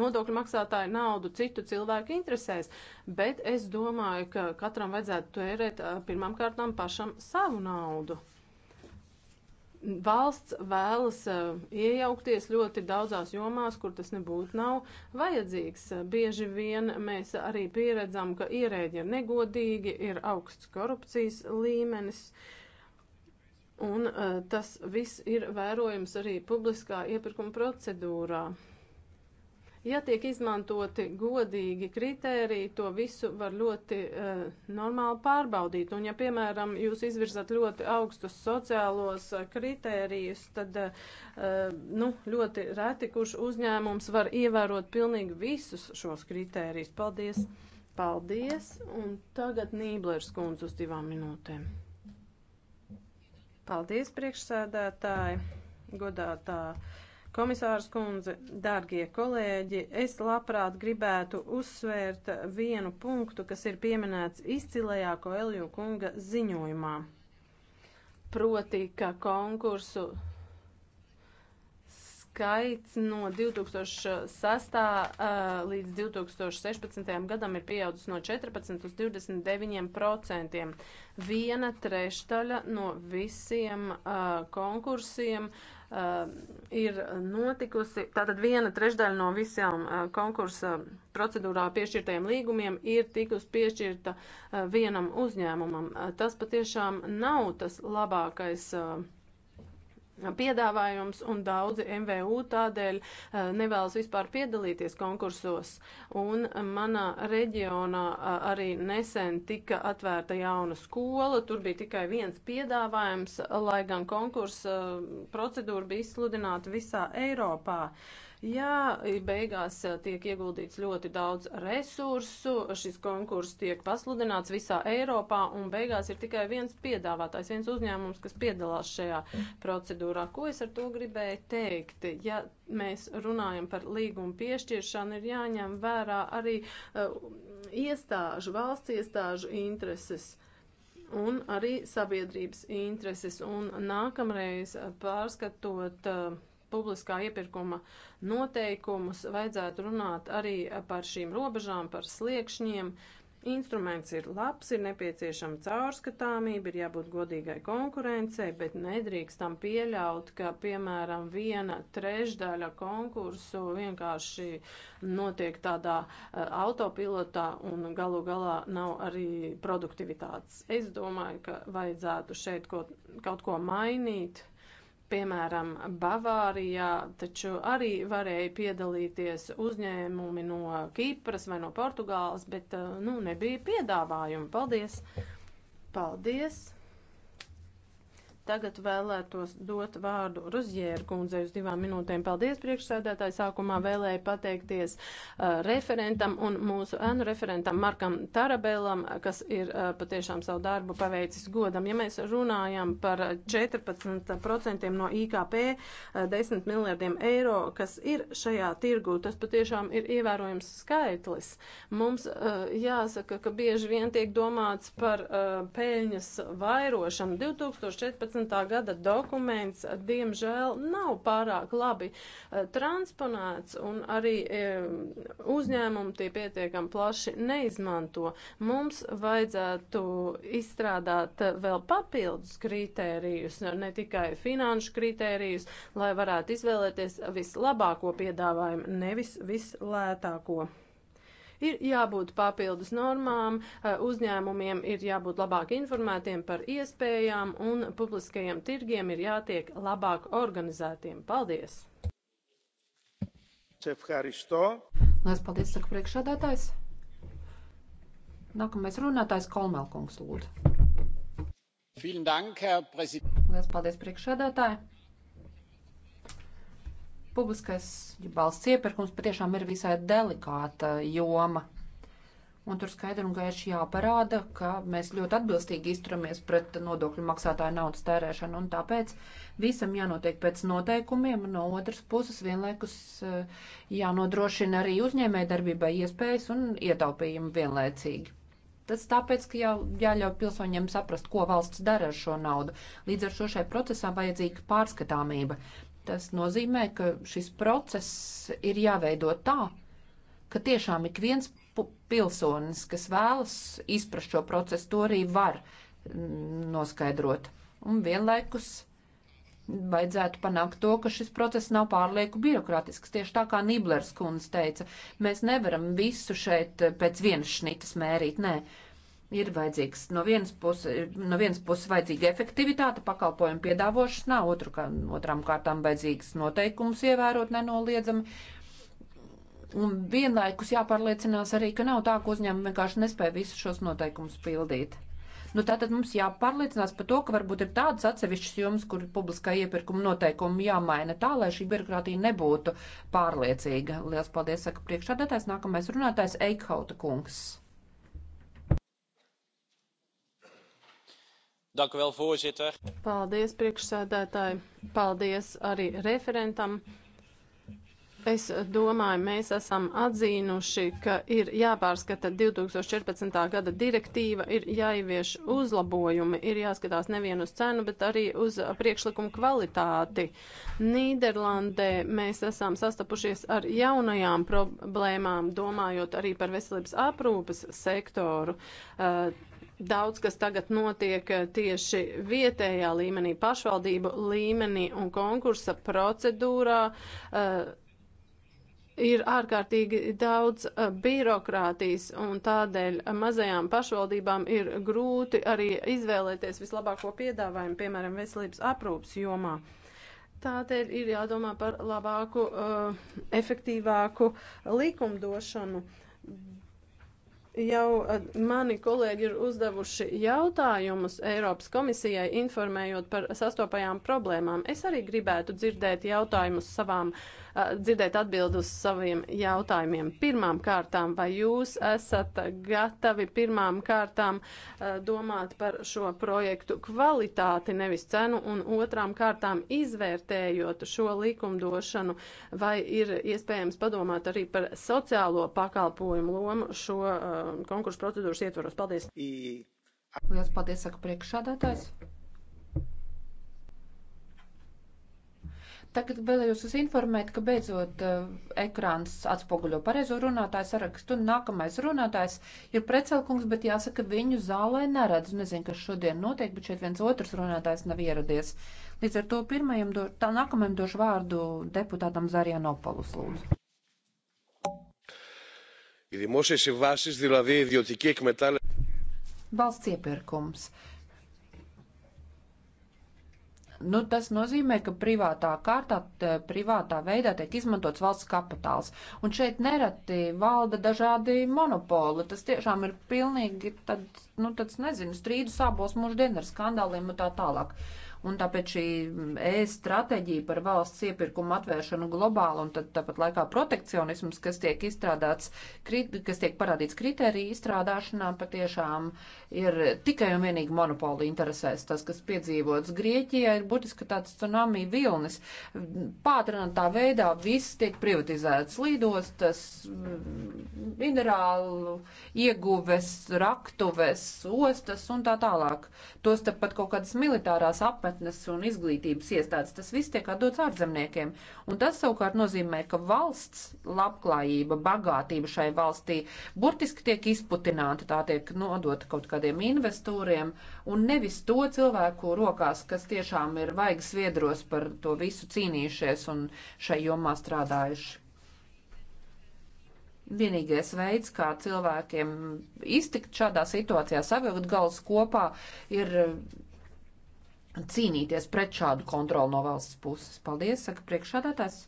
Nodokļu maksātāju naudu citu cilvēku interesēs, bet es domāju, ka katram vajadzētu tērēt uh, pirmām kārtām pašam savu naudu valsts vēlas uh, iejaukties ļoti daudzās jomās, kur tas nebūtu nav vajadzīgs. Bieži vien mēs arī pieredzam, ka ierēģi ir negodīgi, ir augsts korupcijas līmenis. Uh, Un uh, tas viss ir vērojams arī publiskā iepirkuma procedūrā. Ja tiek izmantoti godīgi kritēriji, to visu var ļoti uh, normāli pārbaudīt. Un ja, piemēram, jūs izvirzat ļoti augstus sociālos uh, kritērijus, tad uh, nu, ļoti reti, kurš uzņēmums var ievērot pilnīgi visus šos kritērijus. Paldies! Paldies! Un tagad Nīblers kundze uz divām minūtēm. Paldies, priekšsēdētāji, godātā komisārs kundze, dārgie kolēģi. Es labprāt gribētu uzsvērt vienu punktu, kas ir pieminēts izcilajā Koelju kunga ziņojumā. Proti, ka konkursu skaits no 2006. līdz 2016. gadam ir pieaudzis no 14 uz 29 procentiem. Viena trešdaļa no visiem uh, konkursiem uh, ir notikusi, tātad viena trešdaļa no visām uh, konkursa procedūrā piešķirtajiem līgumiem ir tikus piešķirta uh, vienam uzņēmumam. Uh, tas patiešām nav tas labākais. Uh, piedāvājums, un daudzi MVU tādēļ eh, nevēlas vispār piedalīties konkursos. Un manā reģionā eh, arī nesen tika atvērta jauna skola, tur bija tikai viens piedāvājums, lai gan konkursa eh, procedūra bija izsludināta visā Eiropā. Uh, Jā, beigās e, tiek ieguldīts ļoti daudz resursu, šis konkurss tiek pasludināts visā Eiropā, un beigās ir tikai viens piedāvātājs, viens uzņēmums, kas piedalās šajā procedūrā. Ko es ar to gribēju teikt? Ja mēs runājam par līgumu piešķiršanu, ir jāņem vērā arī uh, iestāžu, valsts iestāžu intereses un arī sabiedrības intereses. Un nākamreiz e, pārskatot. Uh, publiskā iepirkuma noteikumus, vajadzētu runāt arī par šīm robežām, par sliekšņiem. Instruments ir labs, ir nepieciešama caurskatāmība, ir jābūt godīgai konkurencei, bet nedrīkstam pieļaut, ka, piemēram, viena trešdaļa konkursu vienkārši notiek tādā eh, autopilotā un galu galā nav arī produktivitātes. Es domāju, ka vajadzētu šeit kaut, kaut ko mainīt. Piemēram, Bavārijā taču arī varēja piedalīties uzņēmumi no Kīpras vai no Portugāles, bet eh, nu, nebija piedāvājumu. Paldies! Paldies! Tagad vēlētos dot vārdu Rozjēra kundzei uz divām minūtēm. Paldies, priekšsēdētāji. Sākumā vēlēju pateikties uh, referentam un mūsu ēnu referentam Markam Tarabēlam, kas ir uh, patiešām savu darbu paveicis godam. Ja mēs runājam par 14% no IKP, uh, 10 miljardiem eiro, kas ir šajā tirgu, tas patiešām ir ievērojams skaitlis. Mums uh, jāsaka, ka bieži vien tiek domāts par uh, peļņas vairošanu. 2014. 2015. gada dokuments, diemžēl, nav pārāk labi eh, transponēts un arī eh, uzņēmumi tie pietiekam plaši neizmanto. Mums vajadzētu izstrādāt eh, vēl papildus kritērijus, ne tikai finanšu kritērijus, lai varētu izvēlēties vislabāko piedāvājumu, nevis vislētāko. Ir jābūt papildus normām, eh, uzņēmumiem ir jābūt labāk informētiem par iespējām un publiskajiem tirgiem ir jātiek labāk organizētiem. Paldies! Lielas paldies, saka priekšādātājs. Nākamais runātājs Kolmelkungs lūdzu. Lielas paldies priekšādātājai. Publiskais valsts iepirkums patiešām ir visai delikāta joma. Un tur skaidri un gaiši jāparāda, ka mēs ļoti atbilstīgi izturamies pret nodokļu maksātāju naudas tērēšanu, un tāpēc visam jānotiek pēc noteikumiem, un no otras puses vienlaikus eh, jānodrošina arī uzņēmē darbībai iespējas un ietaupījumi vienlaicīgi. Tas tāpēc, ka jau jāļauj pilsoņiem saprast, ko valsts dara ar šo naudu. Līdz ar šo šai procesā vajadzīga pārskatāmība. Tas nozīmē, ka šis process ir jāveido tā, ka tiešām ik viens pilsonis, kas vēlas izprast šo procesu, to arī var mm, noskaidrot. Un vienlaikus vajadzētu panākt to, ka šis process nav pārlieku birokrātisks. Tieši tā kā Niblers kundze teica, mēs nevaram visu šeit eh, pēc vienas šnitas mērīt, nē. Ne ir vajadzīgs no vienas puses, no vienas puses vajadzīga efektivitāte pakalpojumu piedāvošanā, otru, kā, otram kārtām vajadzīgs noteikums ievērot nenoliedzami. Un vienlaikus jāpārliecinās arī, ka nav tā, ka uzņēmumi vienkārši nespēja visus šos noteikumus pildīt. Nu, tātad mums jāpārliecinās par to, ka varbūt ir tādas atsevišķas jomas, kur publiskā iepirkuma noteikumi jāmaina tā, lai šī birokrātija nebūtu pārliecīga. Lielas paldies, saka priekšādātājs, nākamais runātājs Eikhauta kungs. voorzitter. Paldies, priekšsēdētāji. Paldies arī referentam. Es domāju, mēs esam atzīnuši, ka ir jāpārskata 2014. gada direktīva, ir jāievieš uzlabojumi, ir jāskatās nevien uz cenu, bet arī uz priekšlikumu kvalitāti. Nīderlandē mēs esam sastapušies ar jaunajām problēmām, domājot arī par veselības aprūpas sektoru. Uh, Daudz, kas tagad notiek eh, tieši vietējā līmenī, pašvaldību līmenī un konkursa procedūrā, uh, ir ārkārtīgi daudz eh, birokrātijas, un tādēļ mazajām pašvaldībām ir grūti arī izvēlēties vislabāko piedāvājumu, piemēram, veselības aprūpas jomā. Tādēļ ir jādomā par labāku, uh, efektīvāku likumdošanu. Jau eh, mani kolēģi ir uzdevuši jautājumus Eiropas komisijai, informējot par sastopajām problēmām. Es arī gribētu dzirdēt jautājumus savām uh, dzirdēt atbildi uz saviem jautājumiem. Pirmām kārtām, vai jūs esat gatavi pirmām kārtām domāt par šo projektu kvalitāti, nevis cenu, un otrām kārtām izvērtējot šo likumdošanu, vai ir iespējams padomāt arī par sociālo pakalpojumu lomu šo uh, konkursu procedūras ietvaros? Paldies! Lielas paldies, saka priekšādātājs. Jā. Tagad vēlējos jūs informēt, ka beidzot uh, ekrāns atspoguļo pareizo runātāju sarakstu, un nākamais runātājs ir precelkungs, bet jāsaka, viņu zālē neredz. Nezinu, kas šodien notiek, bet šeit viens otrs runātājs nav ieradies. Līdz ar to pirmajam, do, tā nākamajam došu vārdu deputātam Zarianopolus lūdzu. Οι δημόσιες συμβάσεις, δηλαδή η ιδιωτική εκμετάλλευση. Valsts iepirkums. Uh, nu, tas nozīmē, ka privātā kārtā, privātā veidā tiek izmantots valsts kapitāls. Un šeit nereti valda dažādi monopoli. Tas tiešām ir pilnīgi, tad, nu, tāds, nezinu, strīdu sābos mūždien ar skandāliem un tā tālāk. Uh, un tāpēc šī ES stratēģija par valsts iepirkumu atvēršanu globāli un tad tāpat laikā protekcionisms, kas tiek izstrādāts, krit, kas tiek parādīts kritērija izstrādāšanā, patiešām ir tikai un vienīgi monopoli interesēs. Tas, kas piedzīvots Grieķijā, ir būtiski tāds tsunami vilnis. Pātrinātā veidā viss tiek privatizēts lidostas, mm, minerālu ieguves, raktuves, ostas un tā tālāk. Tos tepat kaut kādas militārās apmetnes zinātnes un izglītības iestādes. Tas viss tiek atdots ārzemniekiem. Un tas savukārt nozīmē, ka valsts labklājība, bagātība šai valstī burtiski tiek izputināta, tā tiek nodota kaut kādiem investoriem un nevis to cilvēku rokās, kas tiešām ir vaigas viedros par to visu cīnījušies un šai jomā strādājuši vienīgais veids, kā cilvēkiem iztikt šādā situācijā, savilkt galus kopā, ir cīnīties pret šādu kontroli no valsts puses. Paldies, saka priekšādātājs.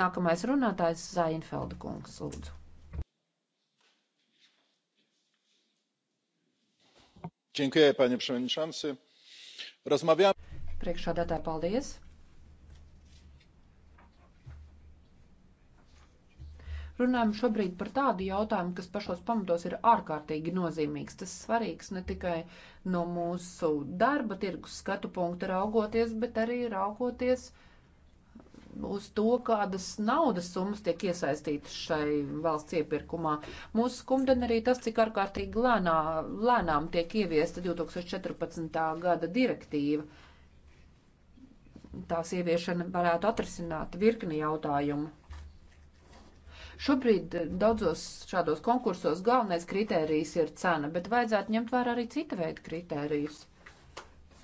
Nākamais runātājs Zainfelda kungs, lūdzu. Dziękuję, panie przewodniczący. Rozmawiamy. Priekšādātāji, paldies. Runājam šobrīd par tādu jautājumu, kas pašos pamatos ir ārkārtīgi nozīmīgs. Tas svarīgs ne tikai no mūsu darba tirgus skatu punkta raugoties, bet arī raugoties uz to, kādas naudas summas tiek iesaistītas šai valsts iepirkumā. Mūsu skumdena arī tas, cik ārkārtīgi lēnā, lēnām tiek ieviesta 2014. gada direktīva. Tās ieviešana varētu atrisināt virkni jautājumu. Šobrīd eh, daudzos šādos konkursos galvenais kritērijs ir cena, bet vajadzētu ņemt vērā arī cita veida kritērijus,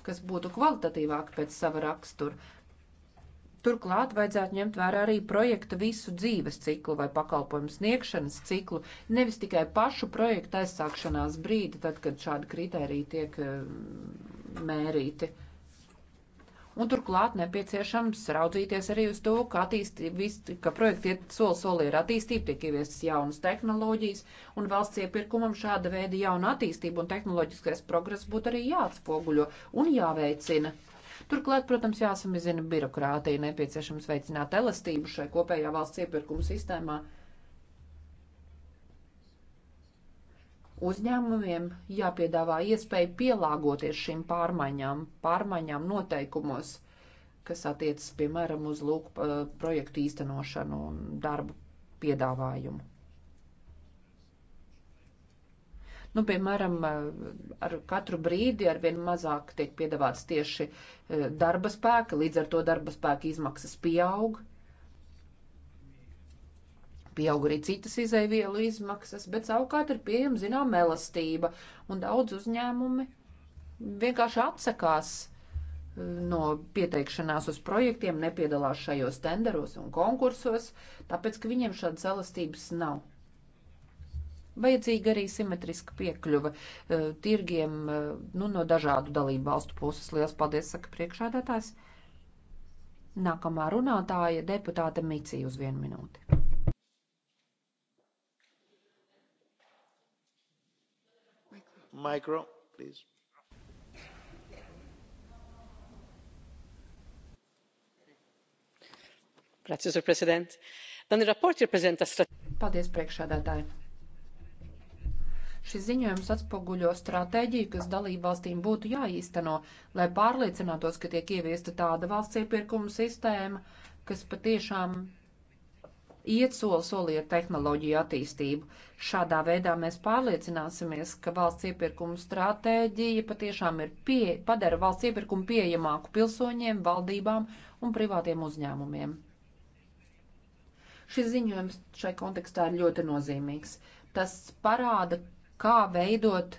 kas būtu kvalitatīvāki pēc sava rakstura. Turklāt vajadzētu ņemt vērā arī projekta visu dzīves ciklu vai pakalpojumu sniegšanas ciklu, nevis tikai pašu projektu aizsākšanās brīdi, tad, kad šādi kriteriji tiek eh, mērīti un turklāt nepieciešams raudzīties arī uz to, ka, attīsti, ka projekti iet soli solī ir attīstība, tiek ieviestas jaunas tehnoloģijas, un valsts iepirkumam šāda veida jauna attīstība un tehnoloģiskais progress būtu arī jāatspoguļo un jāveicina. Turklāt, protams, jāsamazina birokrātija, nepieciešams veicināt elastību šai kopējā valsts iepirkuma sistēmā Uzņēmumiem jāpiedāvā iespēja pielāgoties šīm pārmaiņām, pārmaiņām noteikumos, kas attiecas, piemēram, uz lūk projektu īstenošanu un darbu piedāvājumu. Nu, piemēram, ar katru brīdi ar vien mazāk tiek piedāvāts tieši eh, darba spēka, līdz ar to darba spēka izmaksas pieaug. Uh, pieaug arī citas izaivielu izmaksas, bet savukārt ir pieejama zinām elastība, un daudz uzņēmumi vienkārši atsakās eh, no pieteikšanās uz projektiem, nepiedalās šajos tenderos un konkursos, tāpēc, ka viņiem šādas elastības nav. Vajadzīga arī simetriska piekļuva uh, tirgiem uh, nu, no dažādu dalību valstu puses. Lielas paldies, saka priekšādātājs. Nākamā runātāja deputāte Micija uz vienu minūti. Micro, please. Grazie, Sir President. Dan ir rapport reprezenta Paldies, priekšādātāji. Šis ziņojums atspoguļo stratēģiju, kas dalībvalstīm būtu jāīsteno, lai pārliecinātos, ka tiek ieviesta tāda valsts iepirkuma sistēma, kas patiešām iet soli solī ar tehnoloģiju attīstību. Šādā veidā mēs pārliecināsimies, ka valsts iepirkuma stratēģija patiešām ir pie, padara valsts iepirkumu pieejamāku pilsoņiem, valdībām un privātiem uzņēmumiem. Šis ziņojums šai kontekstā ir ļoti nozīmīgs. Tas parāda, kā veidot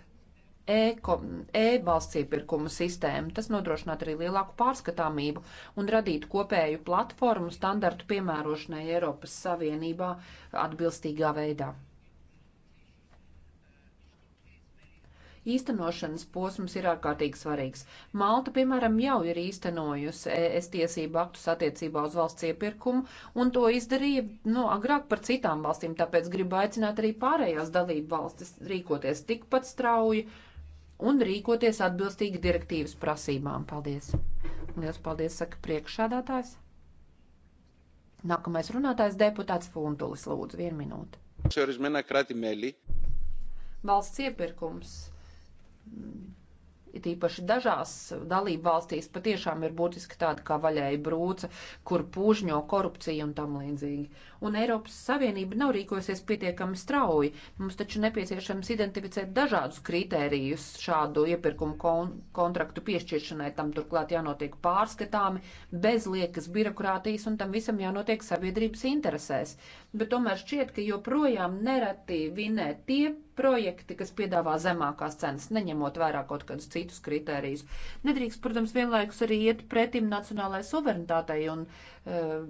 e-valsts e iepirkumu sistēmu. Tas nodrošinātu arī lielāku pārskatāmību un radītu kopēju platformu standartu piemērošanai Eiropas Savienībā atbilstīgā veidā. īstenošanas posms ir ārkārtīgi svarīgs. Malta, piemēram, jau ir īstenojusi ES tiesību aktus attiecībā uz valsts iepirkumu, un to izdarīja nu, agrāk par citām valstīm, tāpēc gribu aicināt arī pārējās dalību valstis rīkoties tikpat strauji un rīkoties atbilstīgi direktīvas prasībām. Paldies! Lielas paldies, saka priekšsādātājs. Nākamais runātājs deputāts Funtulis, lūdzu, vienu minūti. Valsts iepirkums it īpaši dažās dalību valstīs patiešām ir būtiski tāda kā vaļēja brūce, kur pūžņo korupcija un tam līdzīgi un Eiropas Savienība nav rīkojusies pietiekami strauji. Mums taču nepieciešams identificēt dažādus kritērijus šādu iepirkumu kon kontraktu piešķiršanai. Tam turklāt jānotiek pārskatāmi, bez liekas birokrātijas, un tam visam jānotiek sabiedrības interesēs. Bet tomēr šķiet, ka joprojām nereti vinē tie projekti, kas piedāvā zemākās cenas, neņemot vērā kaut kādus citus kritērijus. Nedrīkst, protams, vienlaikus arī iet pretim nacionālajai suverenitātei un uh,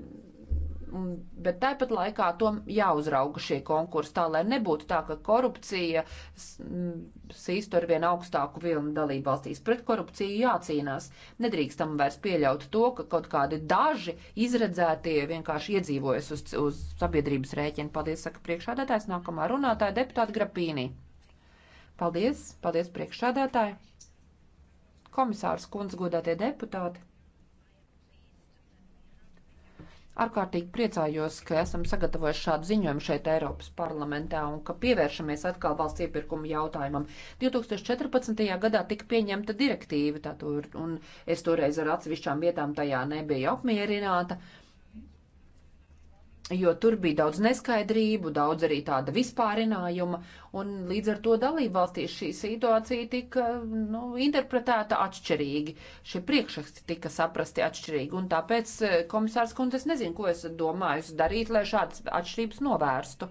bet tāpat laikā tom jāuzrauga šie konkursi tā, lai nebūtu tā, ka korupcija sīst ar vien augstāku vilnu dalību valstīs. Pret korupciju jācīnās. Nedrīkstam vairs pieļaut to, ka kaut kādi daži izredzētie vienkārši iedzīvojas uz, uz sabiedrības rēķina. Paldies, saka priekšādātājs. Nākamā runātāja deputāta Grapīnī. Paldies, paldies priekšādātāji. Komisārs kundz godātie deputāti. Ārkārtīgi priecājos, ka esam sagatavojuši šādu ziņojumu šeit Eiropas parlamentā un ka pievēršamies atkal valsts iepirkumu jautājumam. 2014. gadā tika pieņemta direktīva, tur, un es toreiz ar atsevišķām vietām tajā nebija apmierināta. Uh, jo tur bija daudz neskaidrību, daudz arī tāda vispārinājuma, un līdz ar to dalībvalstīs šī situācija tika nu, interpretēta atšķirīgi. Šie priekšraksti tika saprasti atšķirīgi, un tāpēc, eh, komisārs kundze, es nezinu, ko es domāju darīt, lai šādas atšķirības novērstu.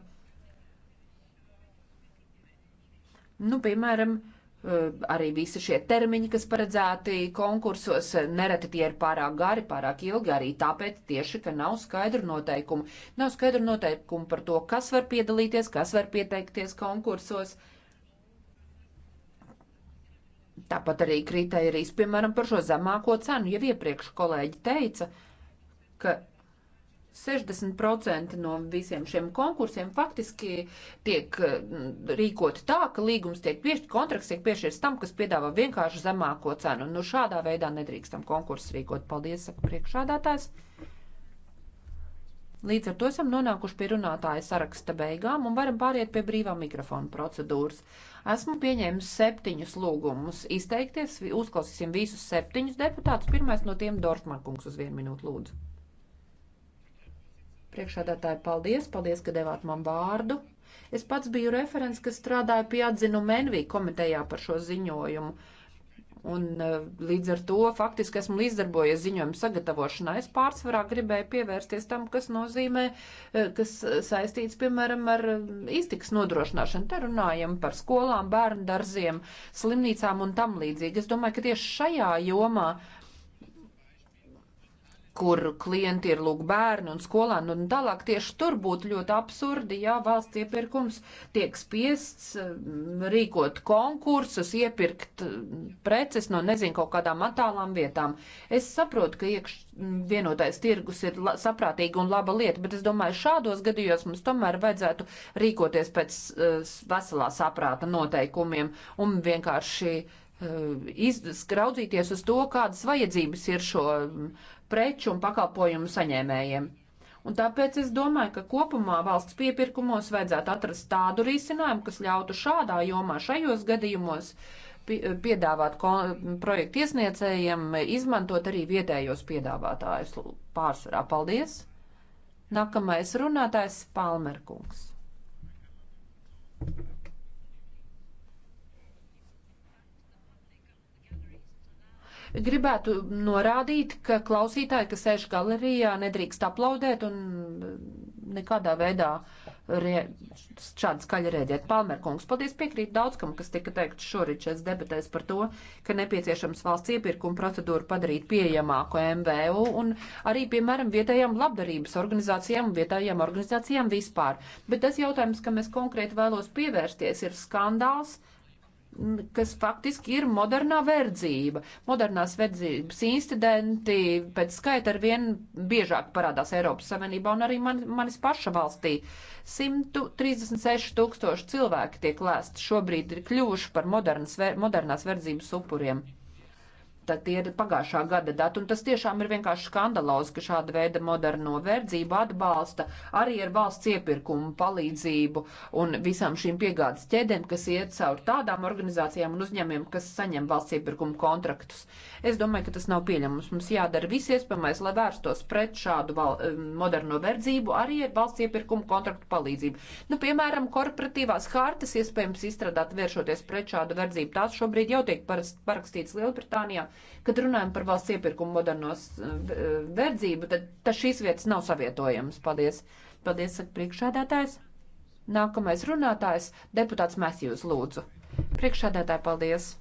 Nu, piemēram, uh, Eh, arī visi šie termiņi, kas paredzēti konkursos, nereti tie ir pārāk gari, pārāk ilgi, arī tāpēc tieši, ka nav skaidru noteikumu. Nav skaidru noteikumu par to, kas var piedalīties, kas var pieteikties konkursos. Tāpat arī kriterijas, piemēram, par šo zemāko cenu, jau iepriekš kolēģi teica, ka 60% no visiem šiem konkursiem faktiski tiek mm, rīkoti tā, ka līgums tiek piešķirts, kontrakts tiek piešķirts tam, kas piedāvā vienkārši zemāko cenu. Nu, šādā veidā nedrīkstam konkursus rīkot. Paldies, saka priekšādātājs. Līdz ar to esam nonākuši pie runātāja saraksta beigām un varam pāriet pie brīvā mikrofona procedūras. Esmu pieņēmis septiņus lūgumus izteikties, uzklausīsim visus septiņus deputātus. Pirmais no tiem Dorfmankungs uz vienu minūtu lūdzu. Priekšādātāji, paldies, paldies, ka devāt man vārdu. Es pats biju referents, kas strādāja pie atzinuma Envī komitejā par šo ziņojumu. Un eh, līdz ar to faktiski esmu līdzdarbojies ziņojumu sagatavošanā. Es pārsvarā gribēju pievērsties tam, kas nozīmē, eh, kas saistīts, piemēram, ar eh, iztiks nodrošināšanu. Te runājam par skolām, bērnu darziem, slimnīcām un tam līdzīgi. Es domāju, ka tieši šajā jomā uh, kur klienti ir lūk bērni un skolēni un tālāk. Tieši tur būtu ļoti absurdi, ja valsts iepirkums tiek spiests mm, rīkot konkursus, iepirkt mm, preces no nezinu kaut kādām attālām vietām. Es saprotu, ka iekš mm, vienotais tirgus ir saprātīga un laba lieta, bet es domāju, šādos gadījos mums tomēr vajadzētu rīkoties pēc uh, veselā saprāta noteikumiem un vienkārši uh, eh, izraudzīties uz to, kādas vajadzības ir šo preču un pakalpojumu saņēmējiem. Un tāpēc es domāju, ka kopumā valsts piepirkumos vajadzētu atrast tādu risinājumu, kas ļautu šādā jomā, šajos gadījumos, piedāvāt projektu iesniedzējiem, izmantot arī vietējos piedāvātājus pārsvarā. Paldies! Nākamais runātājs Palmerkungs. Gribētu norādīt, ka klausītāji, kas sēž galerijā, nedrīkst aplaudēt un eh, nekādā veidā re, šādi skaļi rēģēt. Palmerkungs, paldies piekrīt daudz kam, kas tika teikt šorīt šeit debatēs par to, ka nepieciešams valsts iepirkuma procedūru padarīt pieejamāko MVU un arī, piemēram, vietējām labdarības organizācijām un vietējām organizācijām vispār. Bet tas jautājums, kam es konkrēti vēlos pievērsties, ir skandāls kas faktiski ir modernā verdzība. Modernās verdzības incidenti pēc skaita ar vien biežāk parādās Eiropas Savienībā un arī man, manis paša valstī. 136 tūkstoši cilvēki tiek lēsti šobrīd ir kļuvuši par modernas, modernās verdzības upuriem. Tad tie ir pagājušā gada dati, un tas tiešām ir vienkārši skandalozi, ka šāda veida moderno verdzību atbalsta arī ar valsts iepirkumu palīdzību un visām šīm piegādes ķēdēm, kas iet caur tādām organizācijām un uzņēmiem, kas saņem valsts iepirkumu kontraktus. Es domāju, ka tas nav pieņemams. Mums jādara viss iespējamais, lai vērstos pret šādu val, eh, moderno verdzību arī ar valsts iepirkumu kontraktu palīdzību. Nu, piemēram, korporatīvās hārtas iespējams izstrādāt vēršoties pret šādu verdzību. Tās šobrīd jau tiek parakstīts Lielbritānijā, kad runājam par valsts iepirkumu modernos eh, verdzību, tad, tad šīs vietas nav savietojamas. Paldies! Paldies, saka priekšādātājs! Nākamais runātājs - deputāts Mēsjūs Lūdzu. Priekšādātāji, paldies!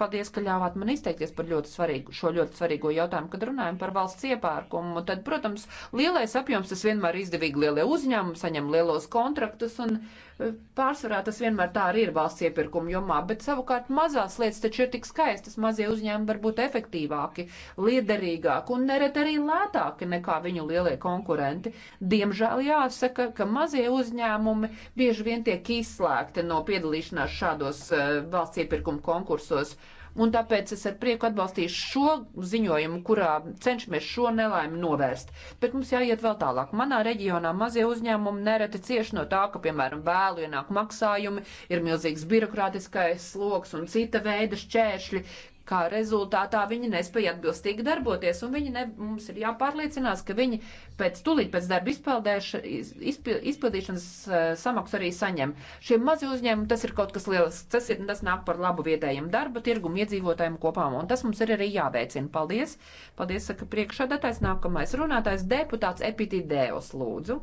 Paldies, ka ļāvāt man izteikties par ļoti svarīgu, šo ļoti svarīgo jautājumu, kad runājam par valsts iepērkumu. Tad, protams, lielais apjoms tas vienmēr izdevīgi lielie uzņēmumi, saņem lielos kontraktus un e, pārsvarā tas vienmēr tā arī ir valsts iepirkuma jomā, bet savukārt mazās lietas taču ir tik skaistas, mazie uzņēmumi var būt efektīvāki, liederīgāki un neret arī lētāki nekā viņu lielie konkurenti. Diemžēl jāsaka, ka mazie uzņēmumi bieži vien tiek izslēgti no piedalīšanās šādos uh, valsts iepirkuma konkursos un tāpēc es ar prieku atbalstīšu šo ziņojumu, kurā cenšamies šo nelaimi novērst. Bet mums jāiet vēl tālāk. Manā reģionā mazie uzņēmumi nereti cieš no tā, ka, piemēram, vēlu ienāk maksājumi, ir milzīgs birokrātiskais sloks un cita veida šķēršļi, Kā rezultātā viņi nespēja atbilstīgi darboties, un viņi ne, mums ir jāpārliecinās, ka viņi pēc tūlīt pēc darba izpil, izpildīšanas uh, samaksu arī saņem. Šie mazi uzņēmumi tas ir kaut kas liels, tas, ir, tas nāk par labu vietējiem darba tirgumu iedzīvotājiem kopā, un tas mums ir arī jāveicina. Paldies! Paldies, saka priekšādātājs, nākamais runātājs deputāts Epitidēos, lūdzu.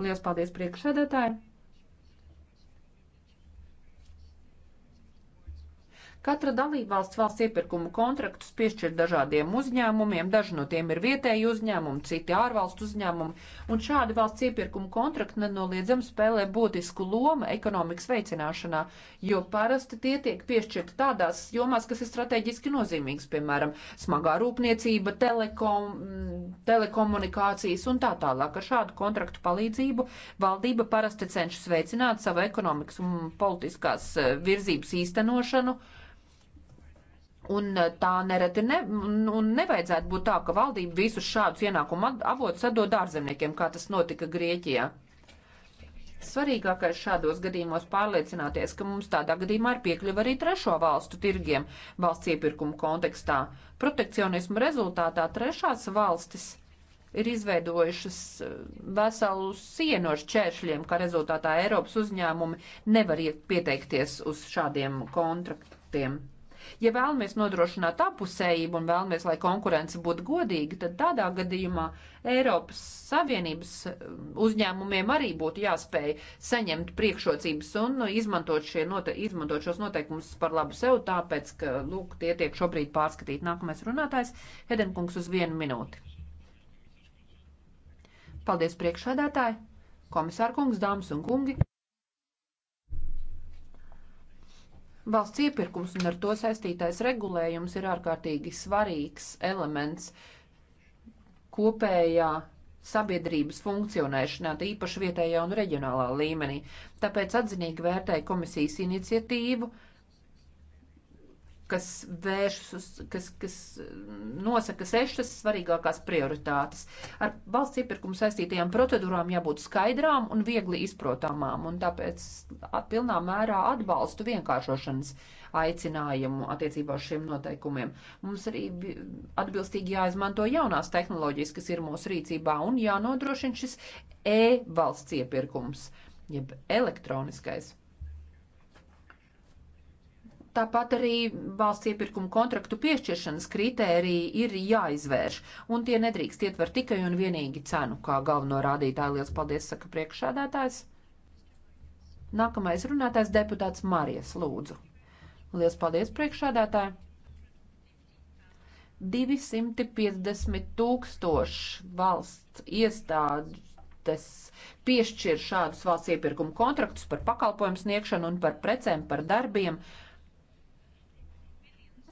Lielas paldies priekšādātājai! Katra dalībvalsts valsts iepirkumu kontraktus piešķir dažādiem uzņēmumiem, daži no tiem ir vietēji uzņēmumi, citi ārvalstu uzņēmumi, un šādi valsts iepirkumu kontrakti nenoliedzami spēlē būtisku lomu ekonomikas veicināšanā, jo parasti tie tiek piešķirti tādās jomās, kas ir strateģiski nozīmīgas, piemēram, smagā rūpniecība, telekom, telekomunikācijas un tā tālāk. Ar šādu kontraktu palīdzību valdība parasti cenšas veicināt savu ekonomikas un politiskās eh, virzības īstenošanu, Un eh, tā nereti ne, un nevajadzētu būt tā, ka valdība visus šādus ienākumu avotus atdod ārzemniekiem, kā tas notika Grieķijā. Svarīgākais šādos gadījumos pārliecināties, ka mums tādā gadījumā ir piekļuva arī trešo valstu tirgiem valsts iepirkuma kontekstā. Protekcionismu rezultātā trešās valstis ir izveidojušas eh, veselu sienu ar šķēršļiem, kā rezultātā Eiropas uzņēmumi nevar pieteikties uz šādiem kontraktiem. Ja vēlamies nodrošināt apusējību un vēlamies, lai konkurence būtu godīga, tad tādā gadījumā Eiropas Savienības um, uzņēmumiem arī būtu jāspēj saņemt priekšrocības un nu, izmantot, šie note izmantot šos noteikumus par labu sev, tāpēc, ka, lūk, tie tiek šobrīd pārskatīti. Nākamais runātājs Hedenkungs uz vienu minūti. Paldies priekšsēdētāji, komisārkungs, dāmas un kungi! Valsts iepirkums un ar to saistītais regulējums ir ārkārtīgi svarīgs elements kopējā sabiedrības funkcionēšanā, īpaši vietējā un reģionālā līmenī. Tāpēc atzinīgi vērtēju komisijas iniciatīvu kas vēršas uz, kas, kas mm, nosaka sešas svarīgākās prioritātes. Ar valsts iepirkumu saistītajām procedūrām jābūt skaidrām un viegli izprotamām, un tāpēc pilnā mērā atbalstu vienkāršošanas aicinājumu attiecībā uz šiem noteikumiem. Mums arī atbilstīgi jāizmanto jaunās tehnoloģijas, kas ir mūsu rīcībā, un jānodrošina šis e-valsts iepirkums, jeb elektroniskais Tāpat arī valsts iepirkuma kontraktu piešķiršanas kritēriji ir jāizvērš, un tie nedrīkst ietver tikai un vienīgi cenu, kā galveno rādītāju. Lielas paldies, saka priekšādātājs. Nākamais runātājs deputāts Marijas Lūdzu. Lielas paldies, priekšādātāji. 250 tūkstoši valsts iestādes piešķir šādus valsts iepirkuma kontraktus par pakalpojumu sniegšanu un par precēm, par darbiem. Uh,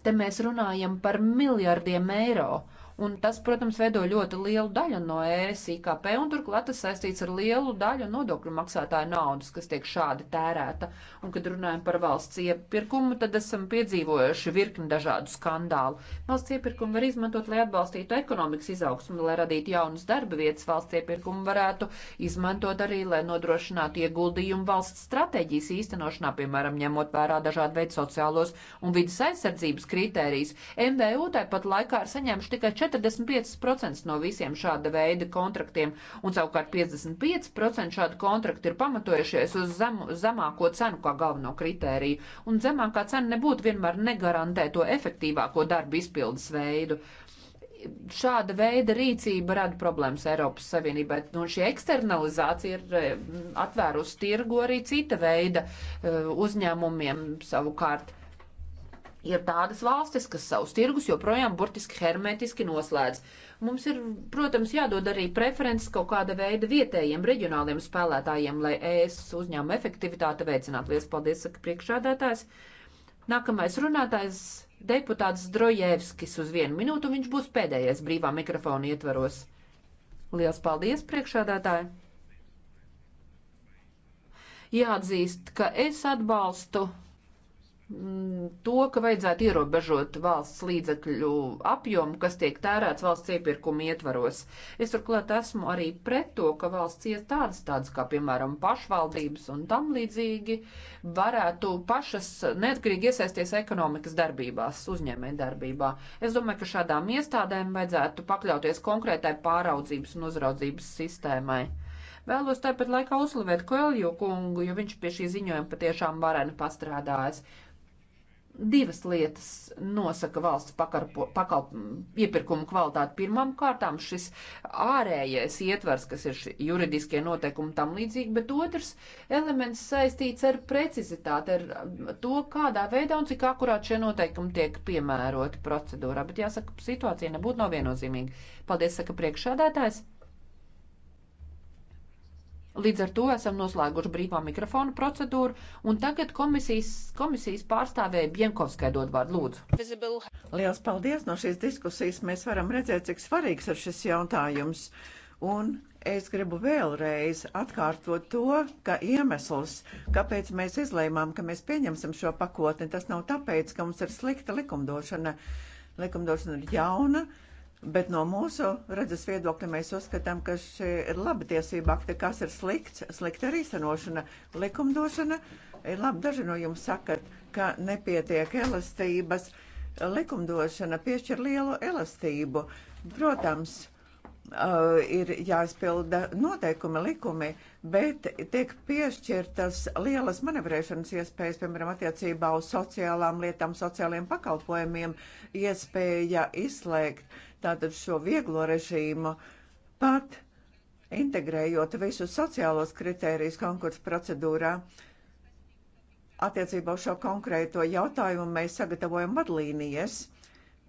Te mēs runājam par miljardiem eiro. Un tas, protams, veido ļoti lielu daļu no ES IKP, un turklāt tas saistīts ar lielu daļu nodokļu maksātāju naudas, kas tiek šādi tērēta. Un, kad runājam par valsts iepirkumu, tad esam piedzīvojuši virkni dažādu skandālu. Valsts iepirkumu var izmantot, lai atbalstītu ekonomikas izaugsmu, lai radītu jaunas darba vietas. Valsts iepirkumu varētu izmantot arī, lai nodrošinātu ieguldījumu valsts stratēģijas īstenošanā, piemēram, ņemot vērā dažādu veidu sociālos un vidas aizsardzības kritērijus. MVU tāpat laikā ir saņēmuši tikai 4 45% no visiem šāda veida kontraktiem, un savukārt 55% šādu kontraktu ir pamatojušies uz zem, zemāko cenu kā galveno kritēriju, un zemākā cena nebūtu vienmēr negarantē to efektīvāko darbu izpildes veidu šāda veida rīcība rada problēmas Eiropas Savienībai. Nu, šī eksternalizācija ir eh, atvērusi tirgu arī cita veida eh, uzņēmumiem savukārt ir tādas valstis, kas savus tirgus joprojām burtiski hermetiski noslēdz. Mums ir, protams, jādod arī preferences kaut kāda veida vietējiem, reģionāliem spēlētājiem, lai ES uzņēmuma efektivitāte veicinātu. Lielas paldies, saka priekšādātājs. Nākamais runātājs deputāts Drojevskis uz vienu minūtu, un viņš būs pēdējais brīvā mikrofona ietvaros. Lielas paldies, priekšādātāji! Jāatzīst, ka es atbalstu Mm, to, ka vajadzētu ierobežot valsts līdzekļu apjomu, kas tiek tērēts valsts iepirkuma ietvaros. Es turklāt esmu arī pret to, ka valsts iestādes, tādas kā, piemēram, pašvaldības un tam līdzīgi, varētu pašas neatkarīgi iesaisties ekonomikas darbībās, uzņēmē darbībā. Es domāju, ka šādām iestādēm vajadzētu pakļauties konkrētai pāraudzības un uzraudzības sistēmai. Vēlos tāpat laikā uzslavēt Koelju kungu, jo viņš pie šī ziņojuma patiešām vareni pastrādājas divas lietas nosaka valsts pakarpo, pakal, iepirkumu kvalitāti. Pirmām kārtām šis ārējais ietvers, kas ir juridiskie noteikumi tam līdzīgi, bet otrs elements saistīts ar precizitāti, ar to, kādā veidā un cik akurāt šie noteikumi tiek piemēroti procedūrā. Bet jāsaka, situācija nebūtu nav viennozīmīga. Paldies, saka priekšādātājs. Līdz ar to esam noslēguši brīvā mikrofona procedūru, un tagad komisijas, komisijas pārstāvēja Bienkovskai dod vārdu lūdzu. Liels paldies! No šīs diskusijas mēs varam redzēt, cik svarīgs ir šis jautājums. Un es gribu vēlreiz atkārtot to, ka iemesls, kāpēc mēs izlēmām, ka mēs pieņemsim šo pakotni, tas nav tāpēc, ka mums ir slikta likumdošana. Likumdošana ir jauna, uh, Bet no mūsu redzes viedokļa mēs uzskatām, ka šī ir laba tiesība akti, kas ir slikts, slikta arī sanošana, likumdošana. Ir labi, daži no jums sakat, ka nepietiek elastības. Likumdošana piešķir lielu elastību. Protams, Uh, ir jāizpilda noteikumi, likumi, bet tiek piešķirtas lielas manevrēšanas iespējas, piemēram, attiecībā uz sociālām lietām, sociāliem pakalpojumiem, iespēja izslēgt tātad šo vieglo režīmu pat integrējot visus sociālos kritērijus konkursu procedūrā. Attiecībā uz šo konkrēto jautājumu mēs sagatavojam vadlīnijas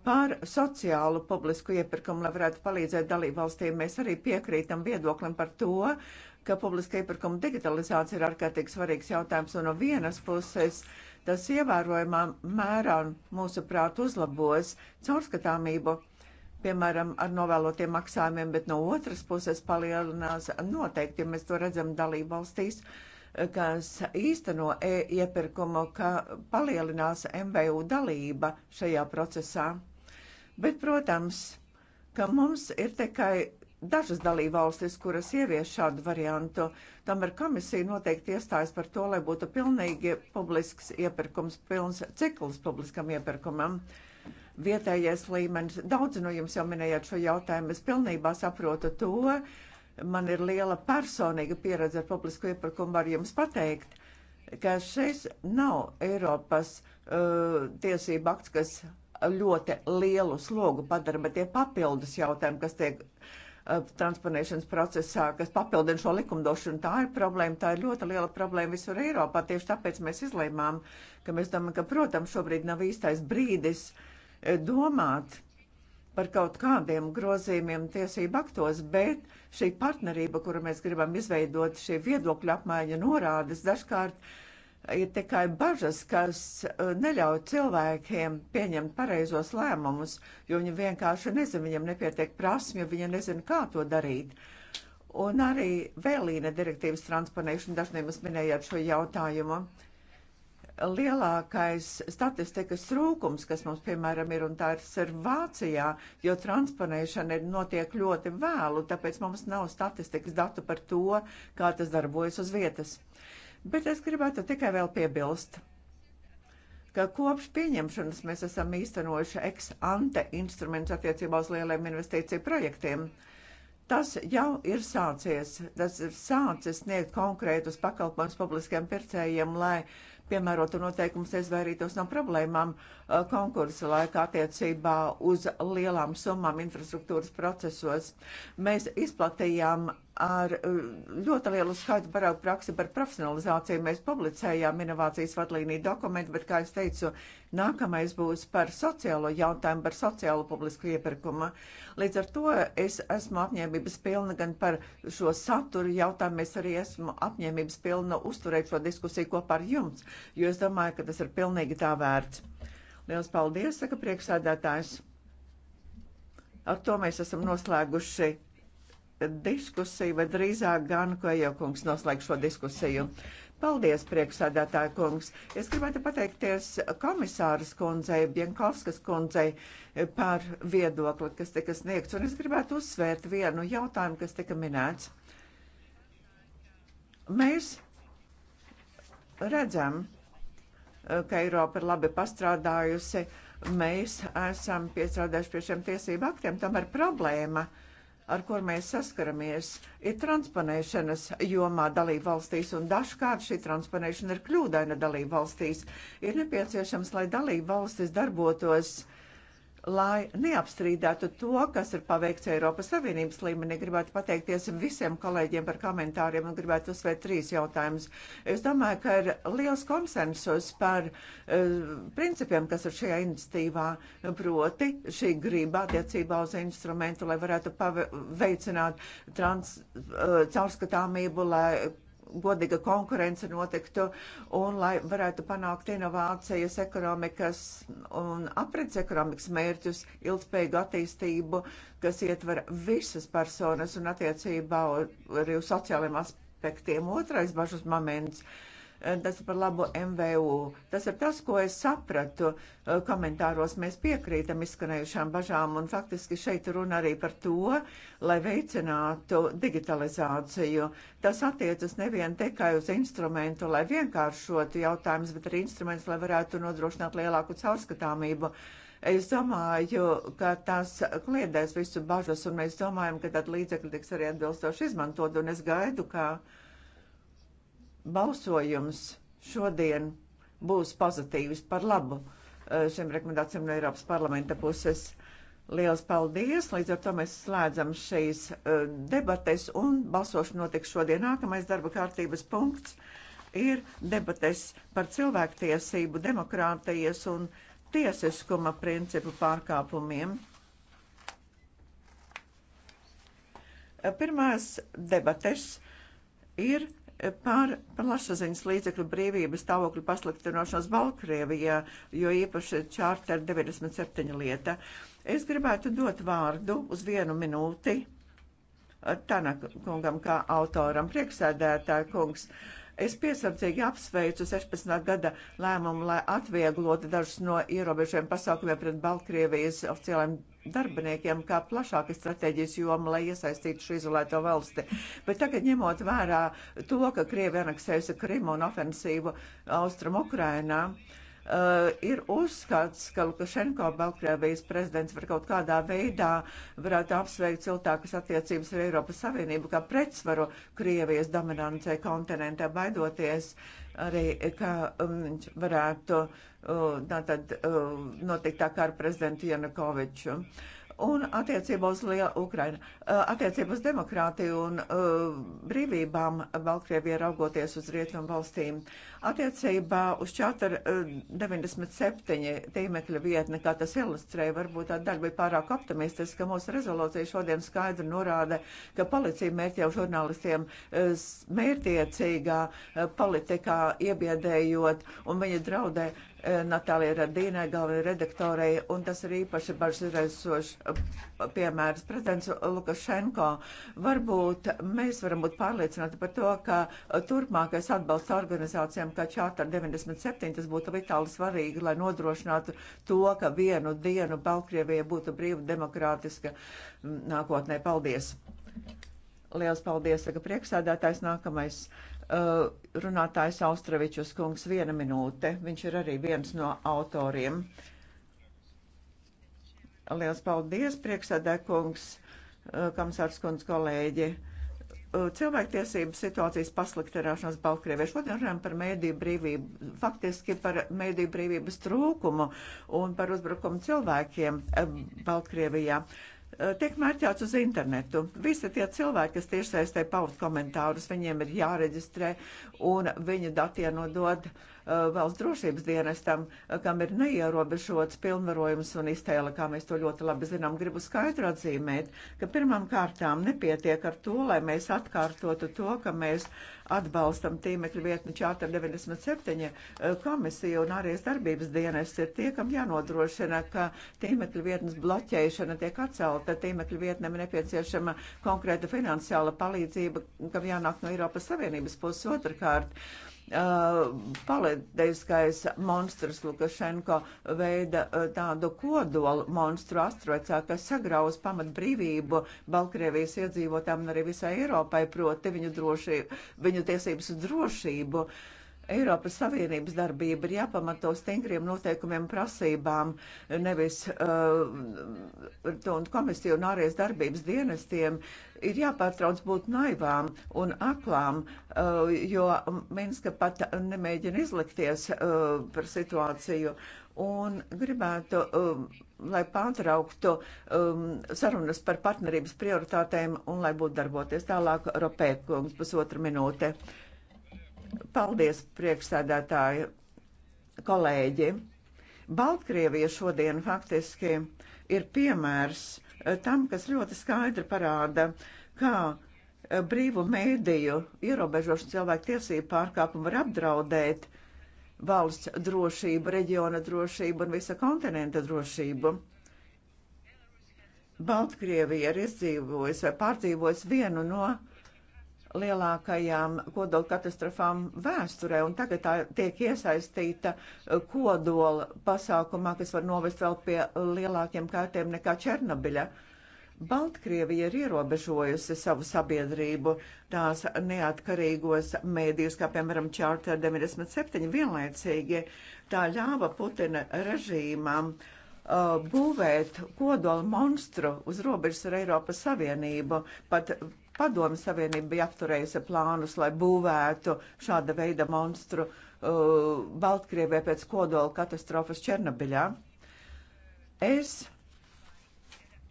Par sociālu publisku iepirkumu, lai varētu palīdzēt dalībvalstīm, mēs arī piekrītam viedoklim par to, ka publiska iepirkuma digitalizācija ir ārkārtīgi svarīgs jautājums, un no vienas puses tas ievērojumā mērā, mūsuprāt, uzlabos caurskatāmību, piemēram, ar novēlotiem maksājumiem, bet no otras puses palielinās noteikti, ja mēs to redzam dalību valstīs kas īsteno e iepirkumu, ka palielinās MVU dalība šajā procesā. Bet, protams, ka mums ir tikai dažas dalībvalstis, kuras ievies šādu variantu. Tomēr komisija noteikti iestājas par to, lai būtu pilnīgi publisks iepirkums, pilns cikls publiskam iepirkumam. Vietējais līmenis. Daudz no jums jau minējāt šo jautājumu. Es pilnībā saprotu to. Man ir liela personīga pieredze ar publisku iepirkumu, var jums pateikt, ka šis nav Eiropas uh, tiesība akts, kas ļoti lielu slogu padara, bet tie papildus jautājumi, kas tiek eh, transponēšanas procesā, kas papildina šo likumdošanu. Tā ir problēma, tā ir ļoti liela problēma visur Eiropā. Tieši tāpēc mēs izlēmām, ka mēs domājam, ka, protams, šobrīd nav īstais brīdis eh, domāt par kaut kādiem grozījumiem tiesību aktos, bet šī partnerība, kuru mēs gribam izveidot, šī viedokļa apmaiņa norādes dažkārt ir tikai bažas, kas eh, neļauj cilvēkiem pieņemt pareizos lēmumus, jo viņi vienkārši nezina, viņiem nepietiek prasmju, viņi nezina, kā to darīt. Un arī vēlīna direktīvas transponēšana, dažniem jūs minējāt šo jautājumu. Lielākais statistikas trūkums, kas mums, piemēram, ir, un tā ir Vācijā, jo transponēšana ir notiek ļoti vēlu, tāpēc mums nav statistikas datu par to, kā tas darbojas uz vietas. Uh, Bet es gribētu tikai vēl piebilst, ka kopš pieņemšanas mēs esam īstenojuši ex ante instruments attiecībā uz lieliem investīciju projektiem. Tas jau ir sācies. Tas ir sācis sniegt konkrētus pakalpojumus publiskiem pircējiem, lai piemērotu noteikumus izvairītos no problēmām uh, konkursa laikā attiecībā uz lielām summām infrastruktūras procesos. Mēs izplatījām ar eh, ļoti lielu skaitu paraugu praksi par profesionalizāciju. Mēs publicējām inovācijas vadlīniju dokumentu, bet, kā es teicu, nākamais būs par sociālo jautājumu, par sociālo publisku iepirkumu. Līdz ar to es esmu apņēmības pilna gan par šo saturu jautājumu, es arī esmu apņēmības pilna uzturēt šo diskusiju kopā ar jums, jo es domāju, ka tas ir pilnīgi tā vērts. Liels paldies, saka priekšsēdētājs. Ar to mēs esam noslēguši diskusiju, vai drīzāk gan, ko iekungs noslēgš šo diskusiju. Paldies, priekšsādātāja kungs. Es gribētu pateikties komisāras kundzei, Bienkovskas kundzei par viedokli, kas tika sniegts, un es gribētu uzsvērt vienu jautājumu, kas tika minēts. Mēs redzam, ka Eiropa ir labi pastrādājusi, mēs esam piestrādājuši pie šiem tiesību aktiem, tomēr problēma ar kur mēs saskaramies, ir transponēšanas jomā dalību valstīs, un dažkārt šī transponēšana ir kļūdaina dalību valstīs. Ir nepieciešams, lai dalību valstis darbotos lai neapstrīdētu to, kas ir paveikts Eiropas Savienības līmenī. Gribētu pateikties visiem kolēģiem par komentāriem un gribētu uzsvērt trīs jautājumus. Es domāju, ka ir liels konsensus par uh, principiem, kas ir šajā iniciatīvā, proti šī griba attiecībā uz instrumentu, lai varētu veicināt trans, uh, caurskatāmību, lai godīga konkurence notiktu un lai varētu panākt inovācijas ekonomikas un aprits ekonomikas mērķus, ilgspējīgu attīstību, kas ietver visas personas un attiecībā arī uz sociāliem aspektiem. Otrais bažas moments. Uh, tas ir par labu MVU. Tas ir tas, ko es sapratu uh, komentāros. Mēs piekrītam izskanējušām bažām, un faktiski šeit runa arī par to, lai veicinātu digitalizāciju. Tas attiecas nevien tikai uz instrumentu, lai vienkāršotu jautājumus, bet arī instruments, lai varētu nodrošināt lielāku caurskatāmību. Es domāju, ka tas kliedēs visu bažas, un mēs domājam, ka tad līdzekļi tiks arī atbilstoši izmantot, un es gaidu, ka. Kā balsojums šodien būs pozitīvs par labu eh, šiem rekomendācijām no Eiropas parlamenta puses. Liels paldies! Līdz ar to mēs slēdzam šīs eh, debates un balsošana notiks šodien. Nākamais darba kārtības punkts ir debates par cilvēktiesību, demokrātijas un tiesiskuma principu pārkāpumiem. Pirmās debates ir Pār plašsaziņas līdzekļu brīvības stāvokļu pasliktināšanos Baltkrievijā, jo īpaši čārter 97 lieta. Es gribētu dot vārdu uz vienu minūti Tanaka kungam kā autoram. Prieksēdētāja kungs, es piesardzīgi apsveicu 16. gada lēmumu, lai atvieglotu dažus no ierobežiem pasākumiem pret Baltkrievijas oficiālajiem darbiniekiem kā plašāka stratēģijas joma, lai iesaistītu šo izolēto valsti. Bet tagad ņemot vērā to, ka Krievi aneksējusi Krimu un ofensīvu Austrum Ukrainā, uh, Uh, ir uzskats, ka Lukašenko, Baltkrievijas prezidents, var kaut kādā veidā varētu apsveikt ciltākas attiecības ar Eiropas Savienību kā pretsvaru Krievijas dominancei kontinentē, baidoties arī, ka mm, viņš um, varētu uh, tātad uh, notikt tā kā ar prezidentu Janukoviču. Uh, un attiecībā uz Lielu Ukrainu. Attiecībā uz demokrātiju un uh, brīvībām Baltkrievija raugoties uz rietumu valstīm. Attiecībā uz 497 tīmekļa vietne, kā tas ilustrēja, varbūt tā daļa bija pārāk optimistiska. Mūsu rezolūcija šodien skaidri norāda, ka policija mērķēja žurnālistiem mērķiecīgā politikā iebiedējot un viņa draudē Natālija Radīnai, galvenai redaktorei, un tas ir īpaši bažas izraisošs uh, piemērs. Prezidents Lukašenko, varbūt mēs varam būt pārliecināti par to, ka uh, turpmākais atbalsts organizācijām, kā Čārta 97, tas būtu vitāli svarīgi, lai nodrošinātu to, ka vienu dienu Baltkrievija būtu brīva demokrātiska mm, nākotnē. Paldies! Liels paldies, saka priekšsēdētājs nākamais. Eh, runātājs Austravičus kungs viena minūte. Viņš ir arī viens no autoriem. Liels paldies, priekšsēdē kungs, eh, kamsārs kungs kolēģi. Eh, cilvēktiesību situācijas pasliktināšanās Baltkrievijā. Šodien runājam par mēdīju brīvību, faktiski par mēdīju brīvības trūkumu un par uzbrukumu cilvēkiem Baltkrievijā. Uh, Eh, tiek mērķēts uz internetu. Visi tie cilvēki, kas tiešsaistē paust komentārus, viņiem ir jāreģistrē un viņa datiem nodod uh, Uh, valsts drošības dienestam, uh, kam ir neierobežots pilnvarojums un iztēle, kā mēs to ļoti labi zinām, gribu skaidri atzīmēt, ka pirmām kārtām nepietiek ar to, lai mēs atkārtotu to, ka mēs atbalstam tīmekļa vietni Čāter 97 uh, komisiju un arī darbības dienas ir tie, kam jānodrošina, ka tīmekļa vietnes bloķēšana tiek atcelta, tīmekļa vietnēm nepieciešama konkrēta finansiāla palīdzība, kam jānāk no Eiropas Savienības puses otrkārt. Uh, Uh, Palētiskais monstrs Lukašenko veida uh, tādu kodolu monstru astrocā, kas sagrauz pamat brīvību Baltkrievijas iedzīvotām un arī visai Eiropai, proti viņu, drošību, viņu tiesības uz drošību. Eiropas Savienības darbība ir jāpamato stingriem noteikumiem prasībām, nevis uh, komisiju un ārējas darbības dienestiem uh, Ir jāpārtrauc būt naivām un aklām, eh, jo Minska pat nemēģina izlikties eh, par situāciju un gribētu, um, lai pārtrauktu um, sarunas par partnerības prioritātēm un lai būtu darboties tālāk Ropēkungs pusotra minūte. Paldies, priekšsēdētāji, kolēģi. Baltkrievija šodien faktiski ir piemērs tam, kas ļoti skaidri parāda, kā eh, brīvu mēdīju ierobežošana cilvēku tiesību pārkāpumu var apdraudēt valsts drošību, reģiona drošību un visa kontinenta drošību. Baltkrievija ir izdzīvojusi vai pārdzīvojusi vienu no uh, lielākajām kodola katastrofām vēsturē, un tagad tā tiek iesaistīta kodola pasākumā, kas var novest vēl pie lielākiem kārtiem nekā Černobiļa. Baltkrievija ir ierobežojusi savu sabiedrību, tās neatkarīgos mēdījus, kā piemēram Čārter 97, vienlaicīgi tā ļāva Putina režīmam uh, būvēt kodola monstru uz robežas ar Eiropas Savienību, pat Padomu Savienība bija apturējusi plānus, lai būvētu šāda veida monstru uh, Baltkrievē pēc kodola katastrofas Černobiļā. Es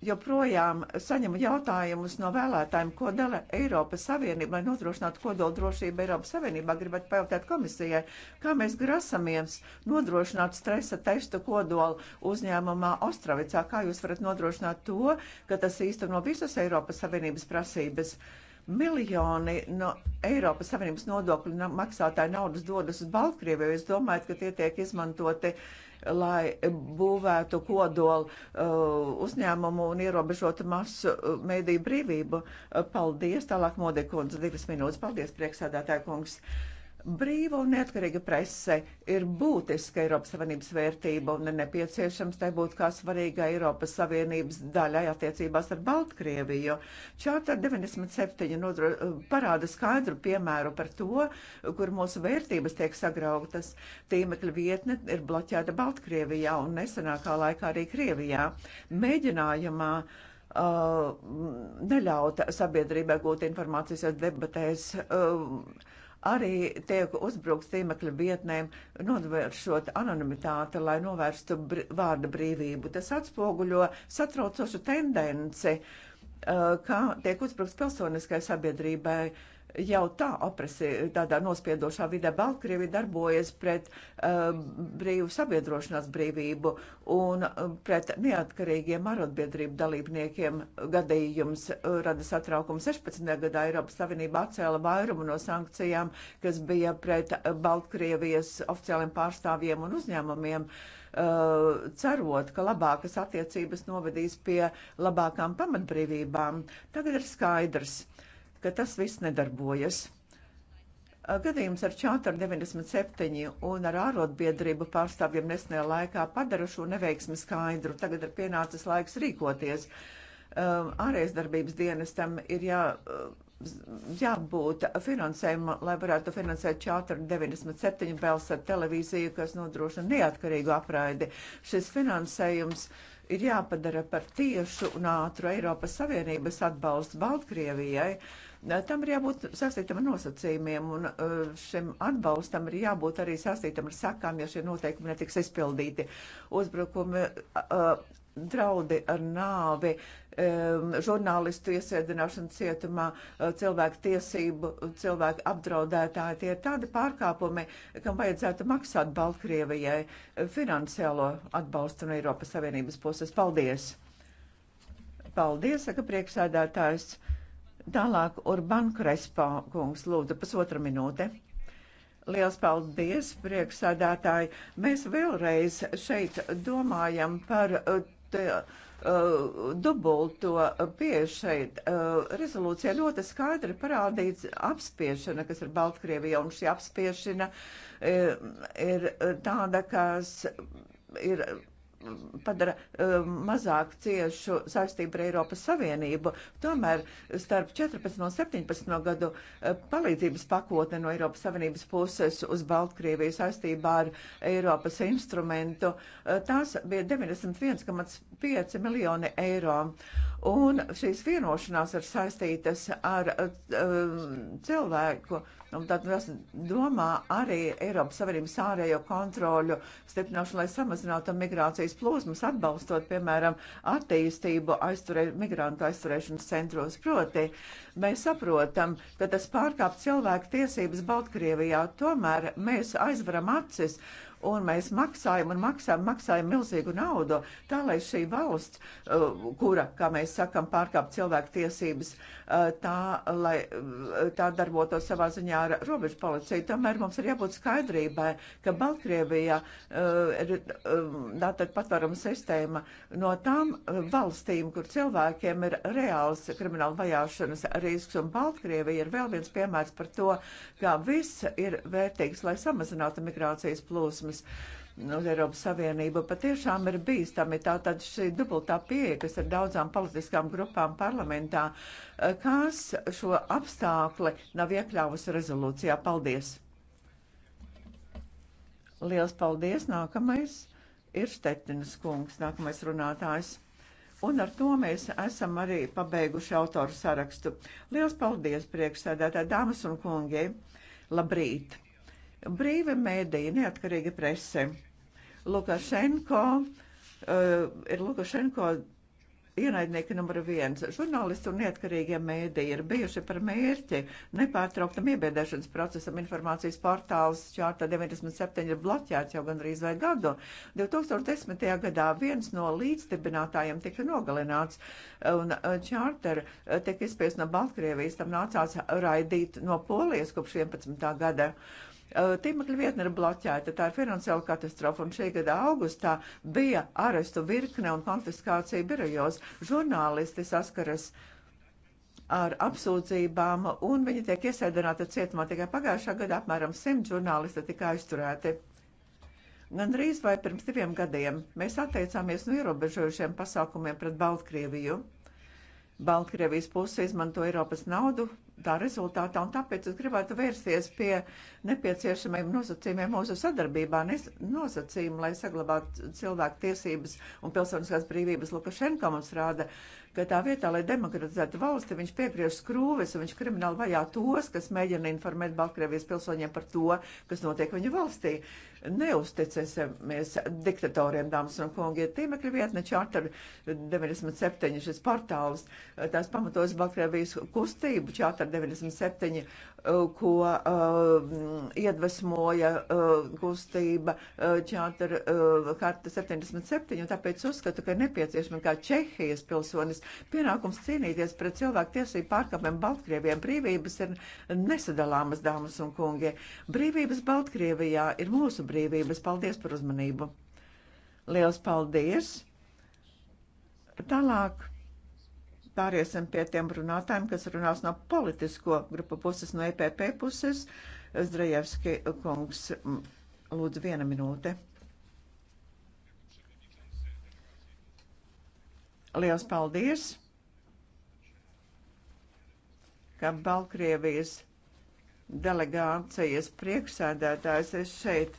joprojām saņemu jautājumus no vēlētājiem, ko dara Eiropas Savienība, lai nodrošinātu kodoldrošību Eiropas Savienībā. Gribētu pajautāt komisijai, kā mēs grasamies nodrošināt stresa testu kodolu uzņēmumā Ostravicā, kā jūs varat nodrošināt to, ka tas īsteno visas Eiropas Savienības prasības. Miljoni no Eiropas Savienības nodokļu maksātāju naudas dodas uz Baltkrieviju. Es domāju, ka tie tiek izmantoti uh, lai būvētu kodolu uh, uzņēmumu un ierobežotu masu uh, mēdīju brīvību. Uh, paldies, tālāk modekundze, divas minūtes. Paldies, prieksēdētāja kungs. Uh, Brīva un neatkarīga prese ir būtiska Eiropas Savienības vērtība un ir nepieciešams tai būt kā svarīga Eiropas Savienības daļai attiecībās ar Baltkrieviju. Čārta 97 nodro, parāda skaidru piemēru par to, kur mūsu vērtības tiek sagrautas. Tīmekļa vietne ir bloķēta Baltkrievijā un nesenākā laikā arī Krievijā. Mēģinājumā uh, neļaut sabiedrībai gūt informācijas debatēs. Uh, arī tiek uzbrukts tīmekļa vietnēm, novēršot anonimitāti, lai novērstu br vārda brīvību. Tas atspoguļo satraucošu tendenci, uh, kā tiek uzbrukts pilsoniskai sabiedrībai jau tā apresi, tādā nospiedošā vidē Baltkrievi darbojas pret uh, brīvu sabiedrošanās brīvību un um, pret neatkarīgiem arotbiedrību dalībniekiem gadījums uh, rada satraukumu. 16. gadā Eiropas Savienība atcēla vairumu no sankcijām, kas bija pret uh, Baltkrievijas oficiāliem pārstāvjiem un uzņēmumiem. Uh, cerot, ka labākas attiecības novedīs pie labākām pamatbrīvībām. Tagad ir skaidrs, ka ka tas viss nedarbojas. Gadījums ar Čātaru 97 un ar ārotbiedrību pārstāvjiem nesenajā laikā padara šo neveiksmi skaidru. Tagad ir pienācis laiks rīkoties. Ārējas darbības dienestam ir jā, jābūt finansējuma, lai varētu finansēt 497 Belsat televīziju, kas nodrošina neatkarīgu apraidi. Šis finansējums ir jāpadara par tiešu un ātru Eiropas Savienības atbalstu Baltkrievijai. Uh, Tam ir jābūt sastītam ar nosacījumiem, un uh, šim atbalstam ir jābūt arī sastītam ar sakām, ja šie noteikumi netiks izpildīti. Uzbrukumi, uh, draudi ar nāvi, um, žurnālistu iesēdināšanu cietumā, uh, cilvēku tiesību, cilvēku apdraudētāji. Tie ir tādi pārkāpumi, kam vajadzētu maksāt Baltkrievijai finansiālo atbalstu no Eiropas Savienības puses. Paldies! Paldies, saka priekšsēdētājs. Tālāk Urban Krespā kungs lūdzu pusotra minūte. Liels paldies, priekšsādātāji. Mēs vēlreiz šeit domājam par uh, te, uh, dubulto pieeju šeit. Uh, rezolūcija ļoti skaidri parādīts apspiešana, kas ir Baltkrievija, un šī apspiešana uh, ir uh, tāda, kas ir padara e, mazāk ciešu saistību ar Eiropas Savienību. Tomēr starp 14 un 17 gadu e, palīdzības pakotne no Eiropas Savienības puses uz Baltkrieviju saistībā ar Eiropas instrumentu, e, tās bija 91,5 miljoni eiro. Un šīs vienošanās ir saistītas ar um, cilvēku, un nu, tad mēs domā arī Eiropas Savienības ārējo kontroļu stiprināšanu, lai samazinātu migrācijas plūsmas, atbalstot, piemēram, attīstību aizturē, migrantu aizturēšanas centros. Proti, mēs saprotam, ka tas pārkāp cilvēku tiesības Baltkrievijā, tomēr mēs aizvaram acis. Uh, un mēs maksājam un maksājam, maksājam milzīgu naudu, tā lai šī valsts, uh, kura, kā mēs sakam, pārkāp cilvēku tiesības, uh, tā, lai uh, tā darbotos savā ziņā ar robežu policiju. Tomēr mums ir jābūt skaidrībai, ka Baltkrievijā ir tātad patvaruma sistēma no tām valstīm, kur cilvēkiem ir reāls krimināla vajāšanas risks, un Baltkrievija ir vēl viens piemērs par to, ka viss ir vērtīgs, lai samazinātu migrācijas plūsmu attieksmes uz Eiropas Savienību patiešām ir bīstami. Tātad šī dubultā pieeja, kas ir daudzām politiskām grupām parlamentā, eh, kas šo apstākli nav iekļāvusi rezolūcijā. Paldies! Liels paldies! Nākamais ir Štetinas kungs, nākamais runātājs. Un ar to mēs esam arī pabeiguši autoru sarakstu. Liels paldies, priekšsēdētāji, dāmas un kungi! Labrīt! Brīva mēdīja, neatkarīga prese. Lukašenko uh, ir Lukašenko ienaidnieki numur viens. Žurnālisti un neatkarīgie mēdīji ir bijuši par mērķi nepārtrauktam iebiedēšanas procesam. Informācijas portāls Čārta 97 ir bloķēts jau gandrīz vai gadu. 2010. gadā viens no līdzdibinātājiem tika nogalināts, eh, un eh, Čārter tika izspies no Baltkrievijas, tam nācās raidīt no Polijas kopš 11. gada. Uh, Uh, tīmekļa vietne ir bloķēta, tā ir finansiāla katastrofa, un šī gada augustā bija arestu virkne un konfiskācija birojos. Žurnālisti saskaras ar apsūdzībām, un viņi tiek iesēdināti cietumā. Tikai pagājušā gada apmēram simt žurnālisti tika aizturēti. Gandrīz vai pirms diviem gadiem mēs atteicāmies no ierobežojušiem pasākumiem pret Baltkrieviju. Baltkrievijas puse izmanto Eiropas naudu tā rezultātā, un tāpēc es gribētu vērsties pie nepieciešamajiem nosacījumiem mūsu sadarbībā, nosacījumu, lai saglabātu cilvēku tiesības un pilsoniskās brīvības. Lukašenko mums rāda, ka tā vietā, lai demokratizētu valsti, viņš piegriež skrūves un viņš krimināli vajā tos, kas mēģina informēt Baltkrievijas pilsoņiem par to, kas notiek viņu valstī neusticēsimies diktatoriem, dāmas un kungi. Ir tīmekļa vietne Čārter 97 šis portāls, tās pamatos Baltkrievijas kustību Čārter 97 ko uh, iedvesmoja uh, kustība uh, eh, Čātara uh, harta 77, un tāpēc uzskatu, ka ir nepieciešama kā Čehijas pilsonis pienākums cīnīties pret cilvēku tiesību pārkāpumiem Baltkrieviem. Brīvības ir nesadalāmas, dāmas un kungi. Brīvības Baltkrievijā ir mūsu brīvības. Paldies par uzmanību! Liels paldies! Tālāk pāriesim pie tiem runātājiem, kas runās no politisko grupu puses, no EPP puses. Zdrajevski kungs, lūdzu, viena minūte. Liels paldies, ka Baltkrievijas delegācijas priekšsēdētājs es šeit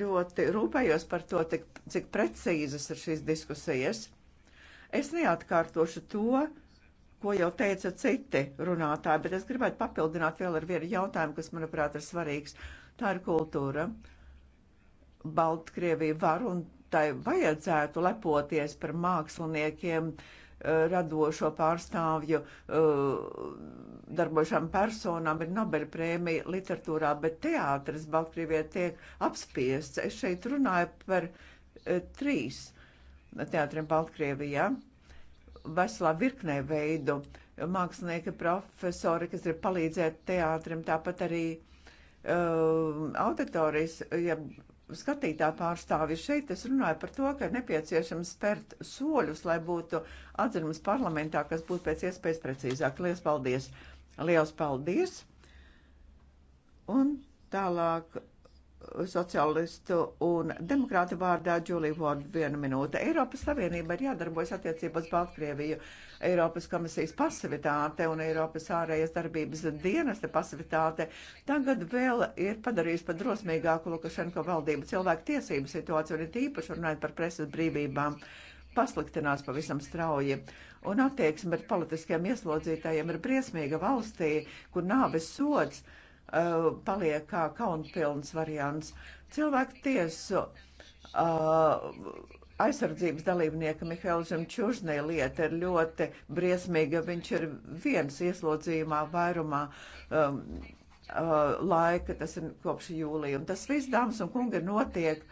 ļoti rūpējos par to, cik, cik precīzas ir šīs diskusijas. Es neatkārtošu to, ko jau teica citi runātāji, bet es gribētu papildināt vēl ar vienu jautājumu, kas, manuprāt, ir svarīgs. Tā ir kultūra. Baltkrievija var un tai vajadzētu lepoties par māksliniekiem, eh, radošo pārstāvju, eh, darbošām personām ir Nobel prēmija literatūrā, bet teātris Baltkrievijā tiek apspiests. Es šeit runāju par eh, trīs teātriem Baltkrievijā. Ja? veselā virknē veidu mākslinieki, profesori, kas ir palīdzēt teātrim, tāpat arī uh, auditorijas, ja skatītā pārstāvja šeit, es runāju par to, ka ir nepieciešams spērt soļus, lai būtu atzinums parlamentā, kas būtu pēc iespējas precīzāk. Lielas paldies! Lielas paldies! Un tālāk sociālistu un demokrātu vārdā Džulija Vorda viena minūte. Eiropas Savienība ir jādarbojas attiecībās Baltkrieviju. Eiropas komisijas pasivitāte un Eiropas ārējas darbības dienesta pasivitāte tagad vēl ir padarījusi pat drosmīgāku Lukašenko valdību cilvēku tiesību situāciju un ir īpaši runājot par presas brīvībām pasliktinās pavisam strauji. Un attieksme pret politiskiem ieslodzītājiem ir briesmīga valstī, kur nāves sods uh, Uh, paliek kā kaunpilns variants. Cilvēku tiesu uh, aizsardzības dalībnieka Mihaila Zemčūžnē lieta ir ļoti briesmīga. Viņš ir viens ieslodzījumā vairumā um, uh, laika, tas ir kopš jūlija. Un tas viss, dāmas un kungi, notiek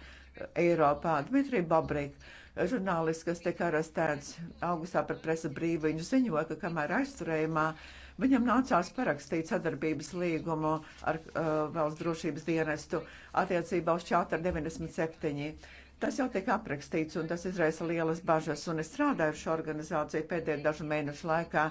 Eiropā. Dmitrija Babrik, žurnālists, kas tika arestēts augustā par presa brīvu, viņš ziņoja, ka kamēr aizturējumā uh, Viņam nācās parakstīt sadarbības līgumu ar uh, valsts drošības dienestu attiecībā uz čātru 97. Tas jau tiek aprakstīts, un tas izraisa lielas bažas, un es strādāju ar šo organizāciju pēdējo dažu mēnešu laikā.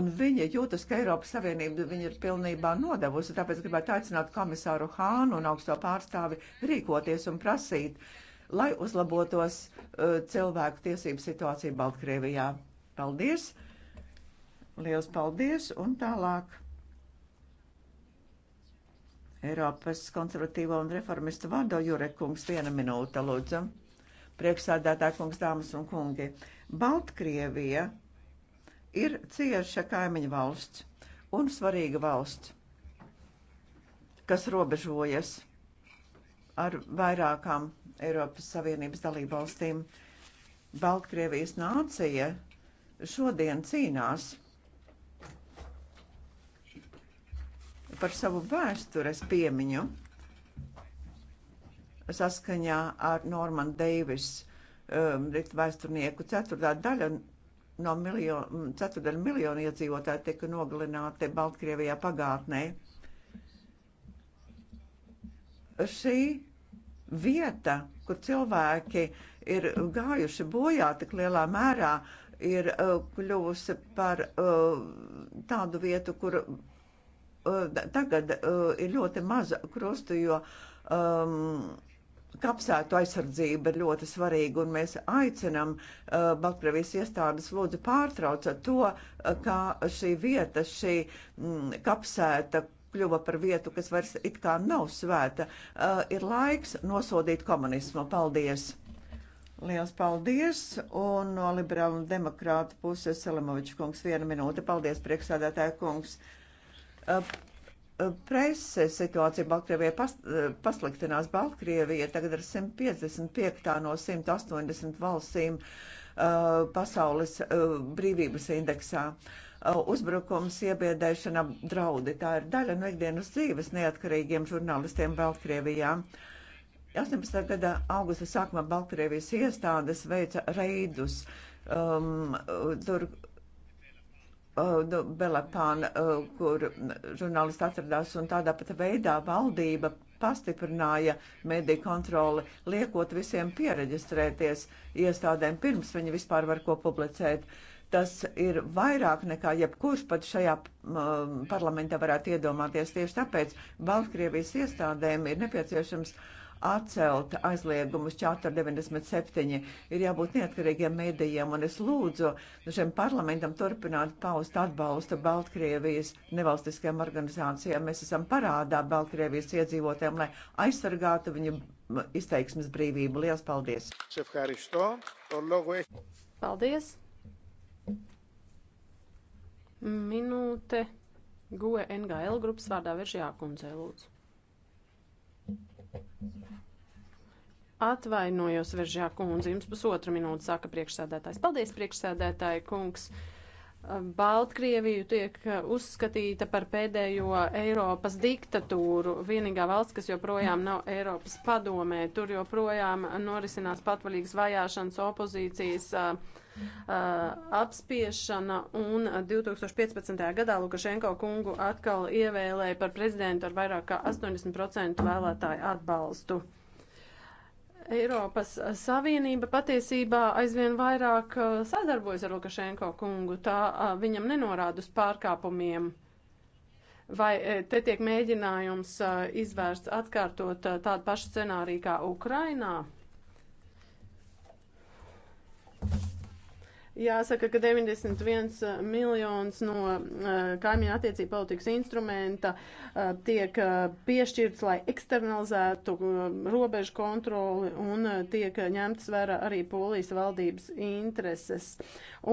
Un viņa jūtas, ka Eiropas Savienība viņu ir pilnībā nodevusi, tāpēc gribētu aicināt komisāru Hānu un augsto pārstāvi rīkoties un prasīt, lai uzlabotos uh, cilvēku tiesību situācija Baltkrievijā. Paldies! Liels paldies un tālāk! Eiropas konservatīvo un reformistu vārdo Jurekungs viena minūte, lūdzu. Priekšsādātā kungs, dāmas un kungi. Baltkrievija ir cieša kaimiņu valsts un svarīga valsts, kas robežojas ar vairākām Eiropas Savienības dalību valstīm. Baltkrievijas nācija šodien cīnās par savu vēstures piemiņu saskaņā ar Normanu Deivis, um, vēsturnieku ceturtā daļa no miljonu, ceturtdaļa miljonu iedzīvotāju tika nogalināti Baltkrievijā pagātnē. Šī vieta, kur cilvēki ir gājuši bojā tik lielā mērā, ir uh, kļuvusi par uh, tādu vietu, kur Eh, tagad eh, ir ļoti maza krustu, jo um, kapsētu aizsardzība ir ļoti svarīga, un mēs aicinam uh, Baltkrievijas iestādes lūdzu pārtraucat to, uh, kā šī vieta, šī mm, kapsēta kļuva par vietu, kas vairs it kā nav svēta. Uh, ir laiks nosodīt komunismu. Paldies! Liels paldies! Un no liberāla un demokrāta puses Selimoviča kungs viena minūte. Paldies, priekšsādātāja kungs! Eh, Preses situācija Baltkrievijai pas, eh, pasliktinās. Baltkrievija tagad ir 155. no 180 valstīm eh, pasaules brīvības indeksā. Uzbrukums, iebiedēšana, draudi - tā ir daļa no ikdienas dzīves neatkarīgiem žurnālistiem Baltkrievijā. 18. gada augusta sākumā Baltkrievijas iestādes veica reidus. Um, tur Uh, nu, Belepāna, uh, kur žurnālisti atradās, un tādā pat veidā valdība pastiprināja mediju kontroli, liekot visiem piereģistrēties iestādēm pirms viņi vispār var ko publicēt. Tas ir vairāk nekā jebkurš pat šajā parlamentā varētu iedomāties. Tieši tāpēc Baltkrievijas iestādēm ir nepieciešams uh, atcelt aizliegumus 497. Ir jābūt neatkarīgiem mēdījiem, un es lūdzu šiem parlamentam turpināt paust atbalstu Baltkrievijas nevalstiskajām organizācijām. Mēs esam parādā Baltkrievijas iedzīvotēm, lai aizsargātu viņu izteiksmes brīvību. Lielas paldies! Paldies! Minūte. GUE NGL grupas vārdā Viržjā kundzei lūdzu. Atvainojos, Veržjā kundze, jums pusotra minūte sāka priekšsēdētājs. Paldies, priekšsēdētāji kungs! Baltkrieviju tiek eh, uzskatīta par pēdējo Eiropas diktatūru, vienīgā valsts, kas joprojām nav Eiropas padomē. Tur joprojām norisinās patvaļīgas vajāšanas opozīcijas uh, apspiešana un 2015. gadā Lukašenko kungu atkal ievēlēja par prezidentu ar vairāk kā 80% vēlētāju atbalstu. Eiropas Savienība patiesībā aizvien vairāk uh, sadarbojas ar Lukašenko kungu, tā uh, viņam nenorāda uz pārkāpumiem. Vai uh, te tiek mēģinājums izvērst atkārtot tādu pašu scenāriju kā Ukrainā? Jāsaka, ka 91 eh, miljons no uh, eh, kaimiņa attiecību politikas instrumenta uh, tiek uh, piešķirts, lai eksternalizētu uh, robežu kontroli un uh, tiek ņemtas vērā arī polijas valdības intereses.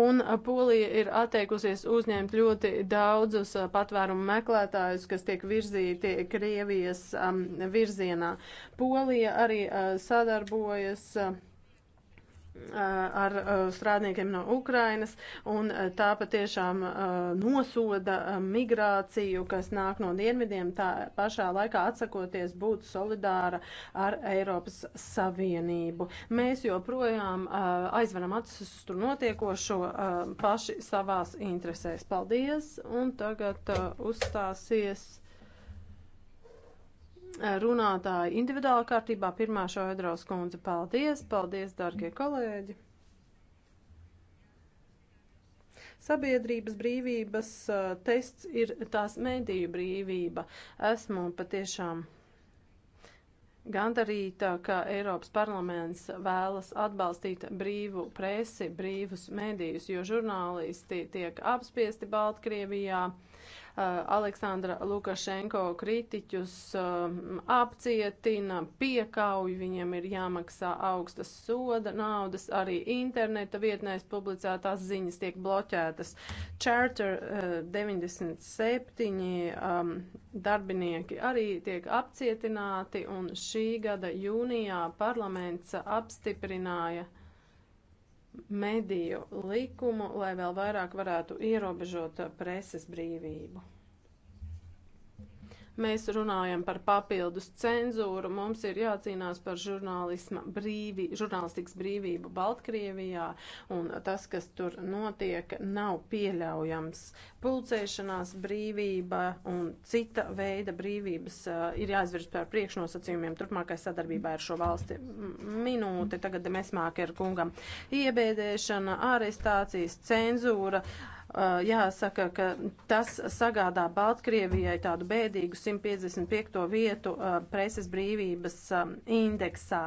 Un uh, polija ir atteikusies uzņemt ļoti daudzus uh, patvērumu meklētājus, kas tiek virzīti Krievijas um, virzienā. Polija arī uh, sadarbojas. Uh, Eh, ar eh, strādniekiem no Ukrainas, un eh, tā patiešām nosoda migrāciju, kas nāk no dienvidiem, tā pašā laikā atsakoties būt solidāra ar Eiropas Savienību. Mēs joprojām aizveram acis uz tur notiekošo paši savās interesēs. Paldies, un tagad uzstāsies runātāji individuālā kārtībā. Pirmā Šoidraus kundze, paldies, paldies, darbie kolēģi! Sabiedrības brīvības tests ir tās mediju brīvība. Esmu patiešām gandarīta, ka Eiropas parlaments vēlas atbalstīt brīvu presi, brīvus medijus, jo žurnālisti tiek apspiesti Baltkrievijā. Eh, Aleksandra Lukašenko kritiķus eh, apcietina, piekauj, viņiem ir jāmaksā augstas soda naudas, arī interneta vietnēs publicētās ziņas tiek bloķētas. Charter 97 eh, ehm, darbinieki arī tiek apcietināti un šī gada jūnijā parlaments apstiprināja mediju likumu, lai vēl vairāk varētu ierobežot preses brīvību. Mēs runājam par papildus cenzūru, mums ir jācīnās par žurnālisma brīvi, žurnālistikas brīvību Baltkrievijā, un tas, kas tur notiek, nav pieļaujams. Pulcēšanās brīvība un cita veida brīvības uh, ir jāizvirz par priekšnosacījumiem turpmākai sadarbībā ar šo valsti. Minūte tagad mēs māki ar kungam. Iebēdēšana, arestācijas, cenzūra. Uh, Eh, jāsaka, ka tas sagādā Baltkrievijai tādu bēdīgu 155. vietu eh, preses brīvības eh, indeksā.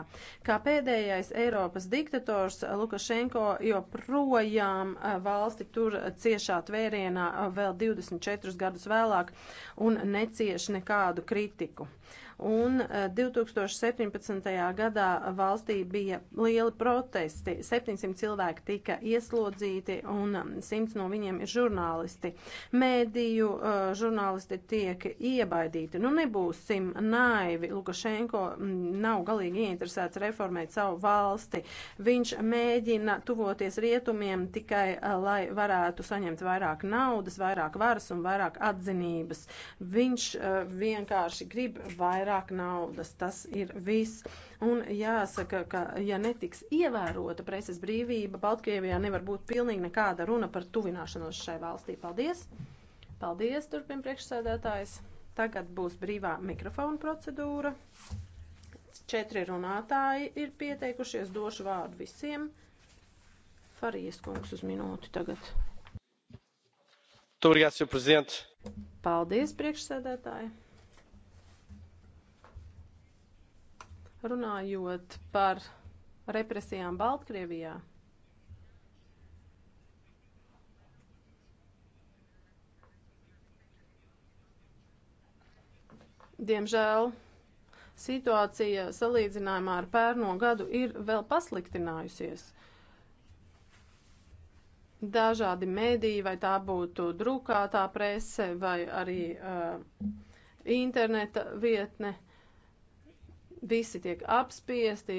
Kā pēdējais Eiropas diktators Lukašenko joprojām valsti tur ciešā tvērienā vēl 24 gadus vēlāk un necieš nekādu kritiku. Uh, un 2017. Eh, gadā valstī bija lieli protesti. 700 cilvēki tika ieslodzīti un 100 um, no viņiem ir žurnālisti. Mēdīju eh, žurnālisti tiek iebaidīti. Nu nebūsim naivi. Lukašenko mm, nav galīgi ieinteresēts reformēt savu valsti. Viņš mēģina tuvoties rietumiem tikai, eh, lai varētu saņemt vairāk naudas, vairāk varas un vairāk atzinības. Viņš vienkārši grib vairāk vairāk naudas. Tas ir viss. Un jāsaka, ka ja netiks ievērota preses brīvība, Baltkrievijā nevar būt pilnīgi nekāda runa par tuvināšanos šai valstī. Paldies! Paldies, turpin priekšsēdētājs. Tagad būs brīvā mikrofona procedūra. Četri runātāji ir pieteikušies, došu vārdu visiem. Farijas kungs uz minūti tagad. Obrigado, Sr. Presidente. Paldies, priekšsēdētāji. Runājot par represijām Baltkrievijā. Diemžēl situācija salīdzinājumā ar pērno gadu ir vēl pasliktinājusies. Dažādi mēdīji, vai tā būtu drukātā prese vai arī uh, interneta vietne, Visi tiek apspiesti,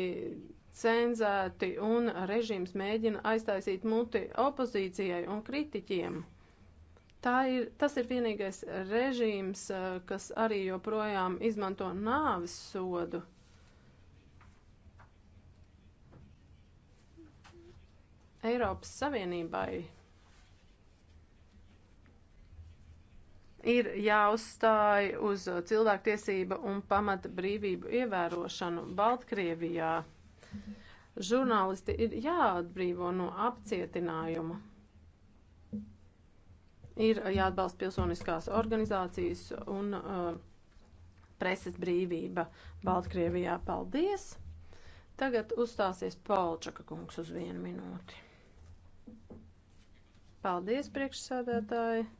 cenzēti, un režīms mēģina aiztaisīt muti opozīcijai un kritiķiem. Tā ir, tas ir vienīgais režīms, eh, kas arī joprojām izmanto nāvis sodu. Eiropas Savienībai ir jāuzstāj uz cilvēktiesība un pamata brīvību ievērošanu Baltkrievijā. Žurnālisti ir jāatbrīvo no apcietinājuma. Ir jāatbalsta pilsoniskās organizācijas un uh, preses brīvība Baltkrievijā. Paldies! Tagad uzstāsies Polčaka kungs uz vienu minūti. Paldies, priekšsēdētāji! Mm.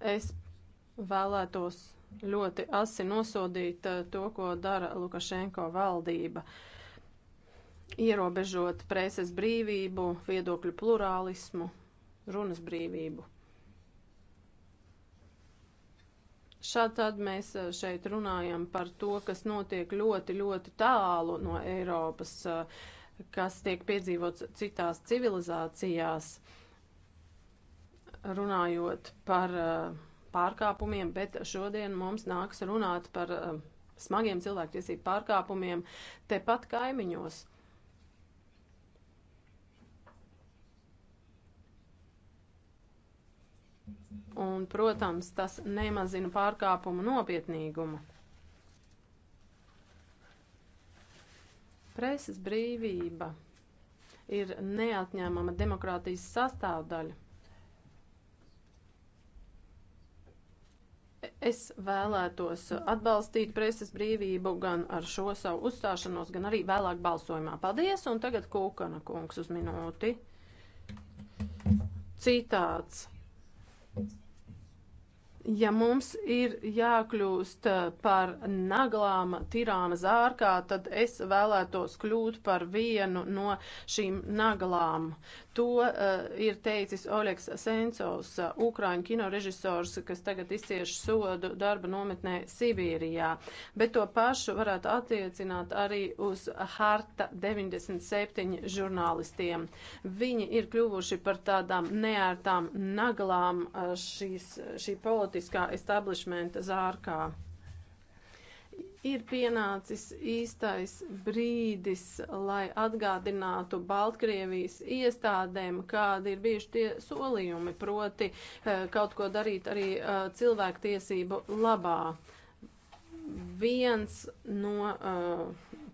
Es vēlētos ļoti asi nosodīt eh, to, ko dara Lukašenko valdība. Ierobežot preses brīvību, viedokļu plurālismu, runas brīvību. Šādi mēs eh, šeit runājam par to, kas notiek ļoti, ļoti tālu no Eiropas, eh, kas tiek piedzīvots citās civilizācijās. Uh, runājot par eh, pārkāpumiem, bet šodien mums nāks runāt par eh, smagiem cilvēktiesību pārkāpumiem tepat kaimiņos. Un, protams, tas nemazina pārkāpumu nopietnīgumu. Preses brīvība ir neatņēmama demokrātijas sastāvdaļa. Es vēlētos atbalstīt preses brīvību gan ar šo savu uzstāšanos, gan arī vēlāk balsojumā. Paldies, un tagad Kūkana kungs uz minūti. Citāts. Ja mums ir jākļūst par naglām tirāna zārkā, tad es vēlētos kļūt par vienu no šīm naglām. To uh, ir teicis Oļegs Sencovs, uh, eh, Ukrāņu kinorežisors, kas tagad izcieš sodu darba nometnē Sibīrijā. Bet to pašu varētu attiecināt arī uz Harta 97 žurnālistiem. Viņi ir kļuvuši par tādām neērtām naglām uh, šīs, šī politiskā establishmenta zārkā ir pienācis īstais brīdis, lai atgādinātu Baltkrievijas iestādēm, kādi ir bijuši tie solījumi, proti eh, kaut ko darīt arī eh, cilvēktiesību labā viens no uh,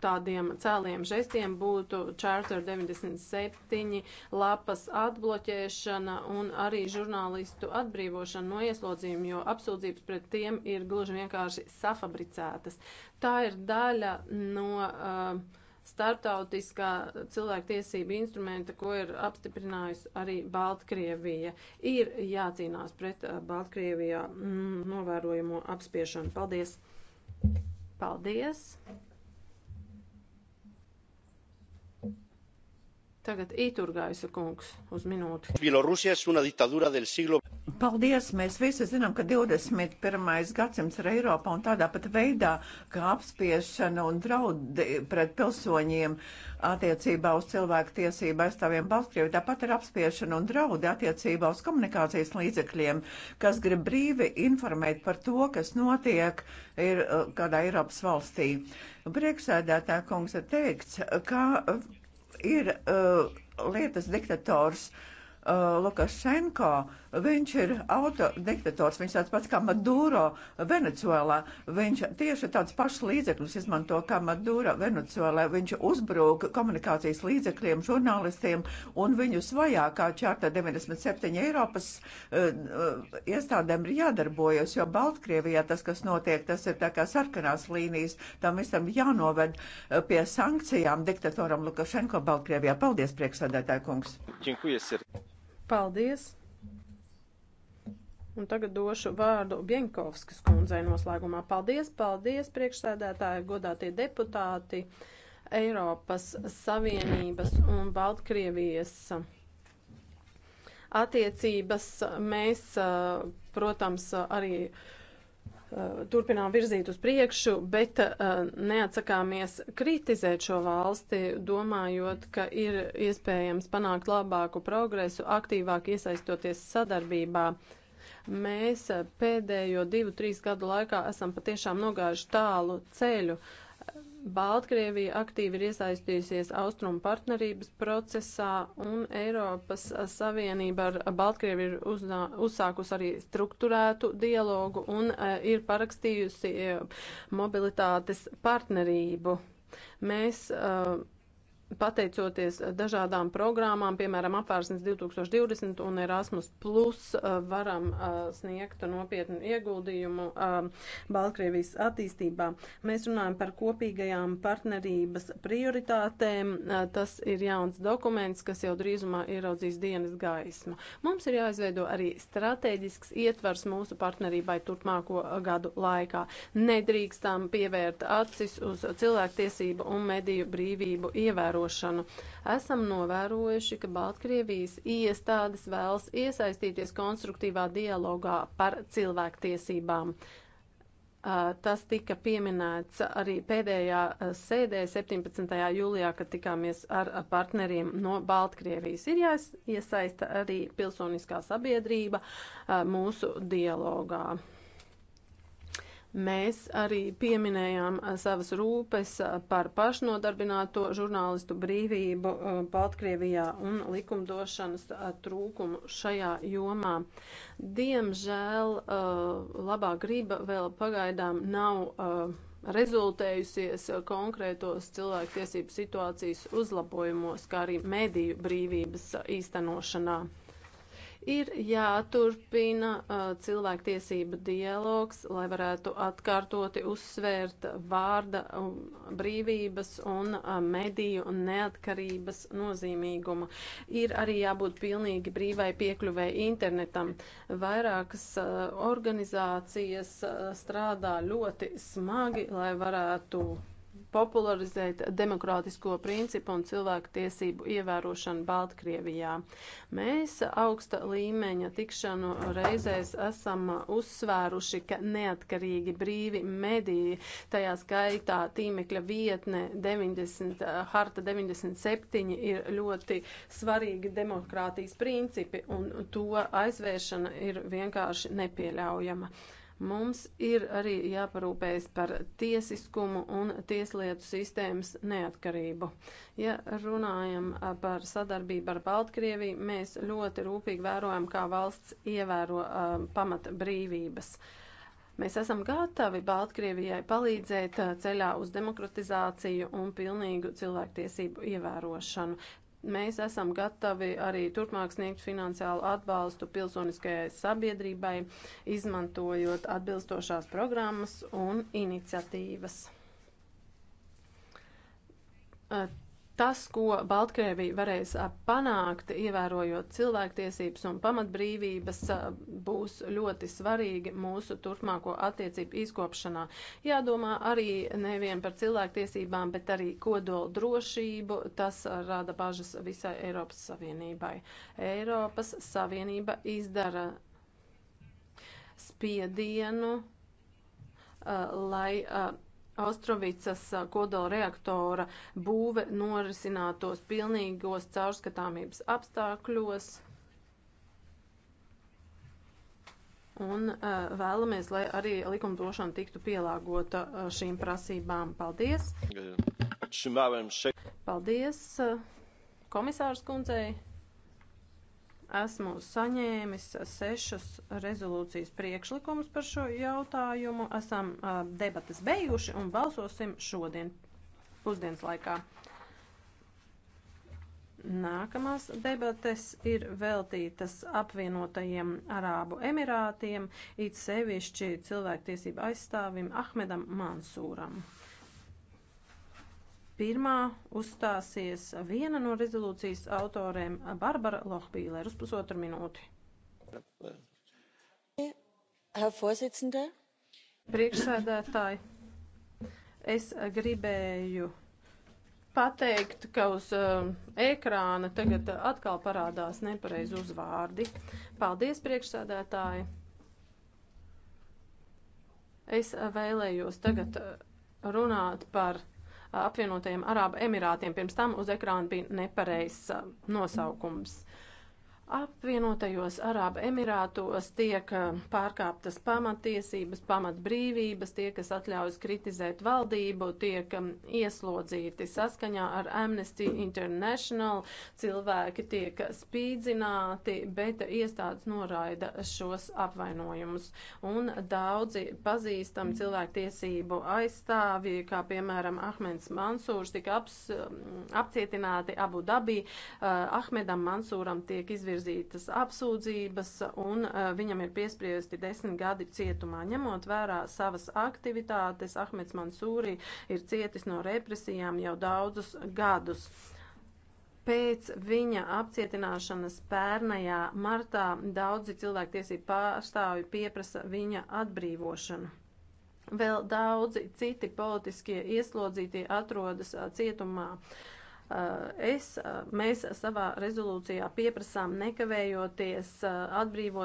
tādiem cēliem žestiem būtu Charter 97 lapas atbloķēšana un arī žurnālistu atbrīvošana no ieslodzījuma, jo apsūdzības pret tiem ir gluži vienkārši safabricētas. Tā ir daļa no. Uh, starptautiskā cilvēktiesība instrumenta, ko ir apstiprinājusi arī Baltkrievija. Ir jācīnās pret uh, Baltkrievijā mm, novērojamo apspiešanu. Paldies! Paldies! Tagad Iturgaisa kungs uz minūti. Paldies! Mēs visi zinām, ka 21. gadsimts ir Eiropa un tādā pat veidā, ka apspiešana un draudi pret pilsoņiem attiecībā uz cilvēku tiesību aizstāvjiem Baltkrievi, tāpat ir apspiešana un draudi attiecībā uz komunikācijas līdzekļiem, kas grib brīvi informēt par to, kas notiek ir, uh, kādā Eiropas valstī. Priekšsēdētā kungs ir teikts, ka ir uh, lietas diktators uh, Lukašenko. Uh, Viņš ir autodiktators, viņš tāds pats kā Maduro Venecuēlā. Viņš tieši tāds pašs līdzekļus izmanto kā Maduro Venecuēlā. Viņš uzbrūk komunikācijas līdzekļiem, žurnālistiem un viņus vajā kā čārta 97 Eiropas uh, iestādēm ir jādarbojas, jo Baltkrievijā tas, kas notiek, tas ir tā kā sarkanās līnijas, tam visam jānoved eh, pie sankcijām diktatoram Lukašenko Baltkrievijā. Paldies, priekšsēdētāji kungs! Paldies! Un tagad došu vārdu Bienkovskas kundzei noslēgumā. Paldies, paldies, priekšsēdētāji, godātie deputāti, Eiropas Savienības un Baltkrievijas attiecības. Mēs, protams, arī eh, turpinām virzīt uz priekšu, bet eh, neatsakāmies kritizēt šo valsti, domājot, ka ir iespējams panākt labāku progresu, aktīvāk iesaistoties sadarbībā. Mēs eh, pēdējo divu, trīs gadu laikā esam patiešām nogājuši tālu ceļu. Baltkrievija aktīvi ir iesaistījusies austrumu partnerības procesā, un Eiropas Savienība ar Baltkrievi ir uznā, uzsākus arī struktūrētu dialogu un uh, ir parakstījusi eh, mobilitātes partnerību. Mēs uh, pateicoties dažādām programmām, piemēram, apvērsnes 2020 un Erasmus, plus, uh, varam uh, sniegt nopietnu ieguldījumu um, Baltkrievijas attīstībā. Mēs runājam par kopīgajām partnerības prioritātēm. Uh, tas ir jauns dokuments, kas jau drīzumā ieraudzīs dienas gaismu. Mums ir jāizveido arī strateģisks ietvars mūsu partnerībai turpmāko gadu laikā. Nedrīkstam pievērt acis uz cilvēktiesību un mediju brīvību ievērošanu ievērošanu. Esam novērojuši, ka Baltkrievijas iestādes vēlas iesaistīties konstruktīvā dialogā par cilvēktiesībām. Tas tika pieminēts arī pēdējā sēdē 17. jūlijā, kad tikāmies ar partneriem no Baltkrievijas. Ir jāiesaista arī pilsoniskā sabiedrība mūsu dialogā. Mēs arī pieminējām savas rūpes par pašnodarbināto žurnālistu brīvību Baltkrievijā un likumdošanas trūkumu šajā jomā. Diemžēl labā griba vēl pagaidām nav rezultējusies konkrētos cilvēku tiesību situācijas uzlabojumos, kā arī mediju brīvības īstenošanā. Ir jāturpina uh, cilvēktiesība dialogs, lai varētu atkārtoti uzsvērt vārda um, brīvības un uh, mediju un neatkarības nozīmīgumu. Ir arī jābūt pilnīgi brīvai piekļuvai internetam. Vairākas uh, organizācijas uh, strādā ļoti smagi, lai varētu popularizēt demokrātisko principu un cilvēku tiesību ievērošanu Baltkrievijā. Mēs augsta līmeņa tikšanu reizēs esam uzsvēruši, ka neatkarīgi brīvi mediji, tajā skaitā tīmekļa vietne 90, harta 97 ir ļoti svarīgi demokrātijas principi un to aizvēršana ir vienkārši nepieļaujama. Mums ir arī jāparūpējas par tiesiskumu un tieslietu sistēmas neatkarību. Ja runājam par sadarbību ar Baltkrieviju, mēs ļoti rūpīgi vērojam, kā valsts ievēro uh, pamata brīvības. Mēs esam gatavi Baltkrievijai palīdzēt ceļā uz demokratizāciju un pilnīgu cilvēktiesību ievērošanu. Mēs esam gatavi arī turpmāk sniegt finansiālu atbalstu pilsoniskajai sabiedrībai, izmantojot atbilstošās programmas un iniciatīvas Tas, ko Baltkrievija varēs panākt, ievērojot cilvēktiesības un pamatbrīvības, būs ļoti svarīgi mūsu turpmāko attiecību izkopšanā. Jādomā arī nevien par cilvēktiesībām, bet arī kodola drošību. Tas rada bažas visai Eiropas Savienībai. Eiropas Savienība izdara spiedienu, lai Austrovicas kodola reaktora būve norisinātos pilnīgos caurskatāmības apstākļos. Un uh, vēlamies, lai arī likumdošana tiktu pielāgota uh, šīm prasībām. Paldies! Paldies uh, komisārs kundzei! Esmu saņēmis sešus rezolūcijas priekšlikumus par šo jautājumu. Esam uh, debatas beiguši un balsosim šodien pusdienas laikā. Nākamās debates ir veltītas apvienotajiem Arābu Emirātiem, it sevišķi cilvēktiesību aizstāvim Ahmedam Mansūram. Pirmā uzstāsies viena no rezolūcijas autoriem - Barbara Lohbīlē, uz pusotru minūti. Herr Vorsitzender, priekšsēdētāji, es gribēju pateikt, ka uz uh, ekrāna tagad atkal parādās nepareizi uzvārdi. Paldies, priekšsēdētāji! Es vēlējos tagad uh, runāt par apvienotajiem Arābu Emirātiem. Pirms tam uz ekrāna bija nepareizs uh, nosaukums. Apvienotajos Arābu Emirātos tiek eh, pārkāptas pamatiesības, pamatbrīvības, tie, kas atļaujas kritizēt valdību, tiek eh, ieslodzīti saskaņā ar Amnesty International, cilvēki tiek spīdzināti, bet iestādes noraida šos apvainojumus. Un daudzi pazīstami cilvēktiesību aizstāvji, kā piemēram Ahmeds Mansūrs, tika aps, eh, apcietināti Abu Dabī. Ahmedam Mansūram tiek izvirzīti izvirzītas apsūdzības un e, viņam ir piespriesti desmit gadi cietumā. Ņemot vērā savas aktivitātes, Ahmeds Mansūri ir cietis no represijām jau daudzus gadus pēc viņa apcietināšanas pērnajā martā daudzi cilvēktiesību pārstāvi pieprasa viņa atbrīvošanu. Vēl daudzi citi politiskie ieslodzītie atrodas e, cietumā. Uh, Es, mēs savā rezolūcijā pieprasām nekavējoties atbrīvot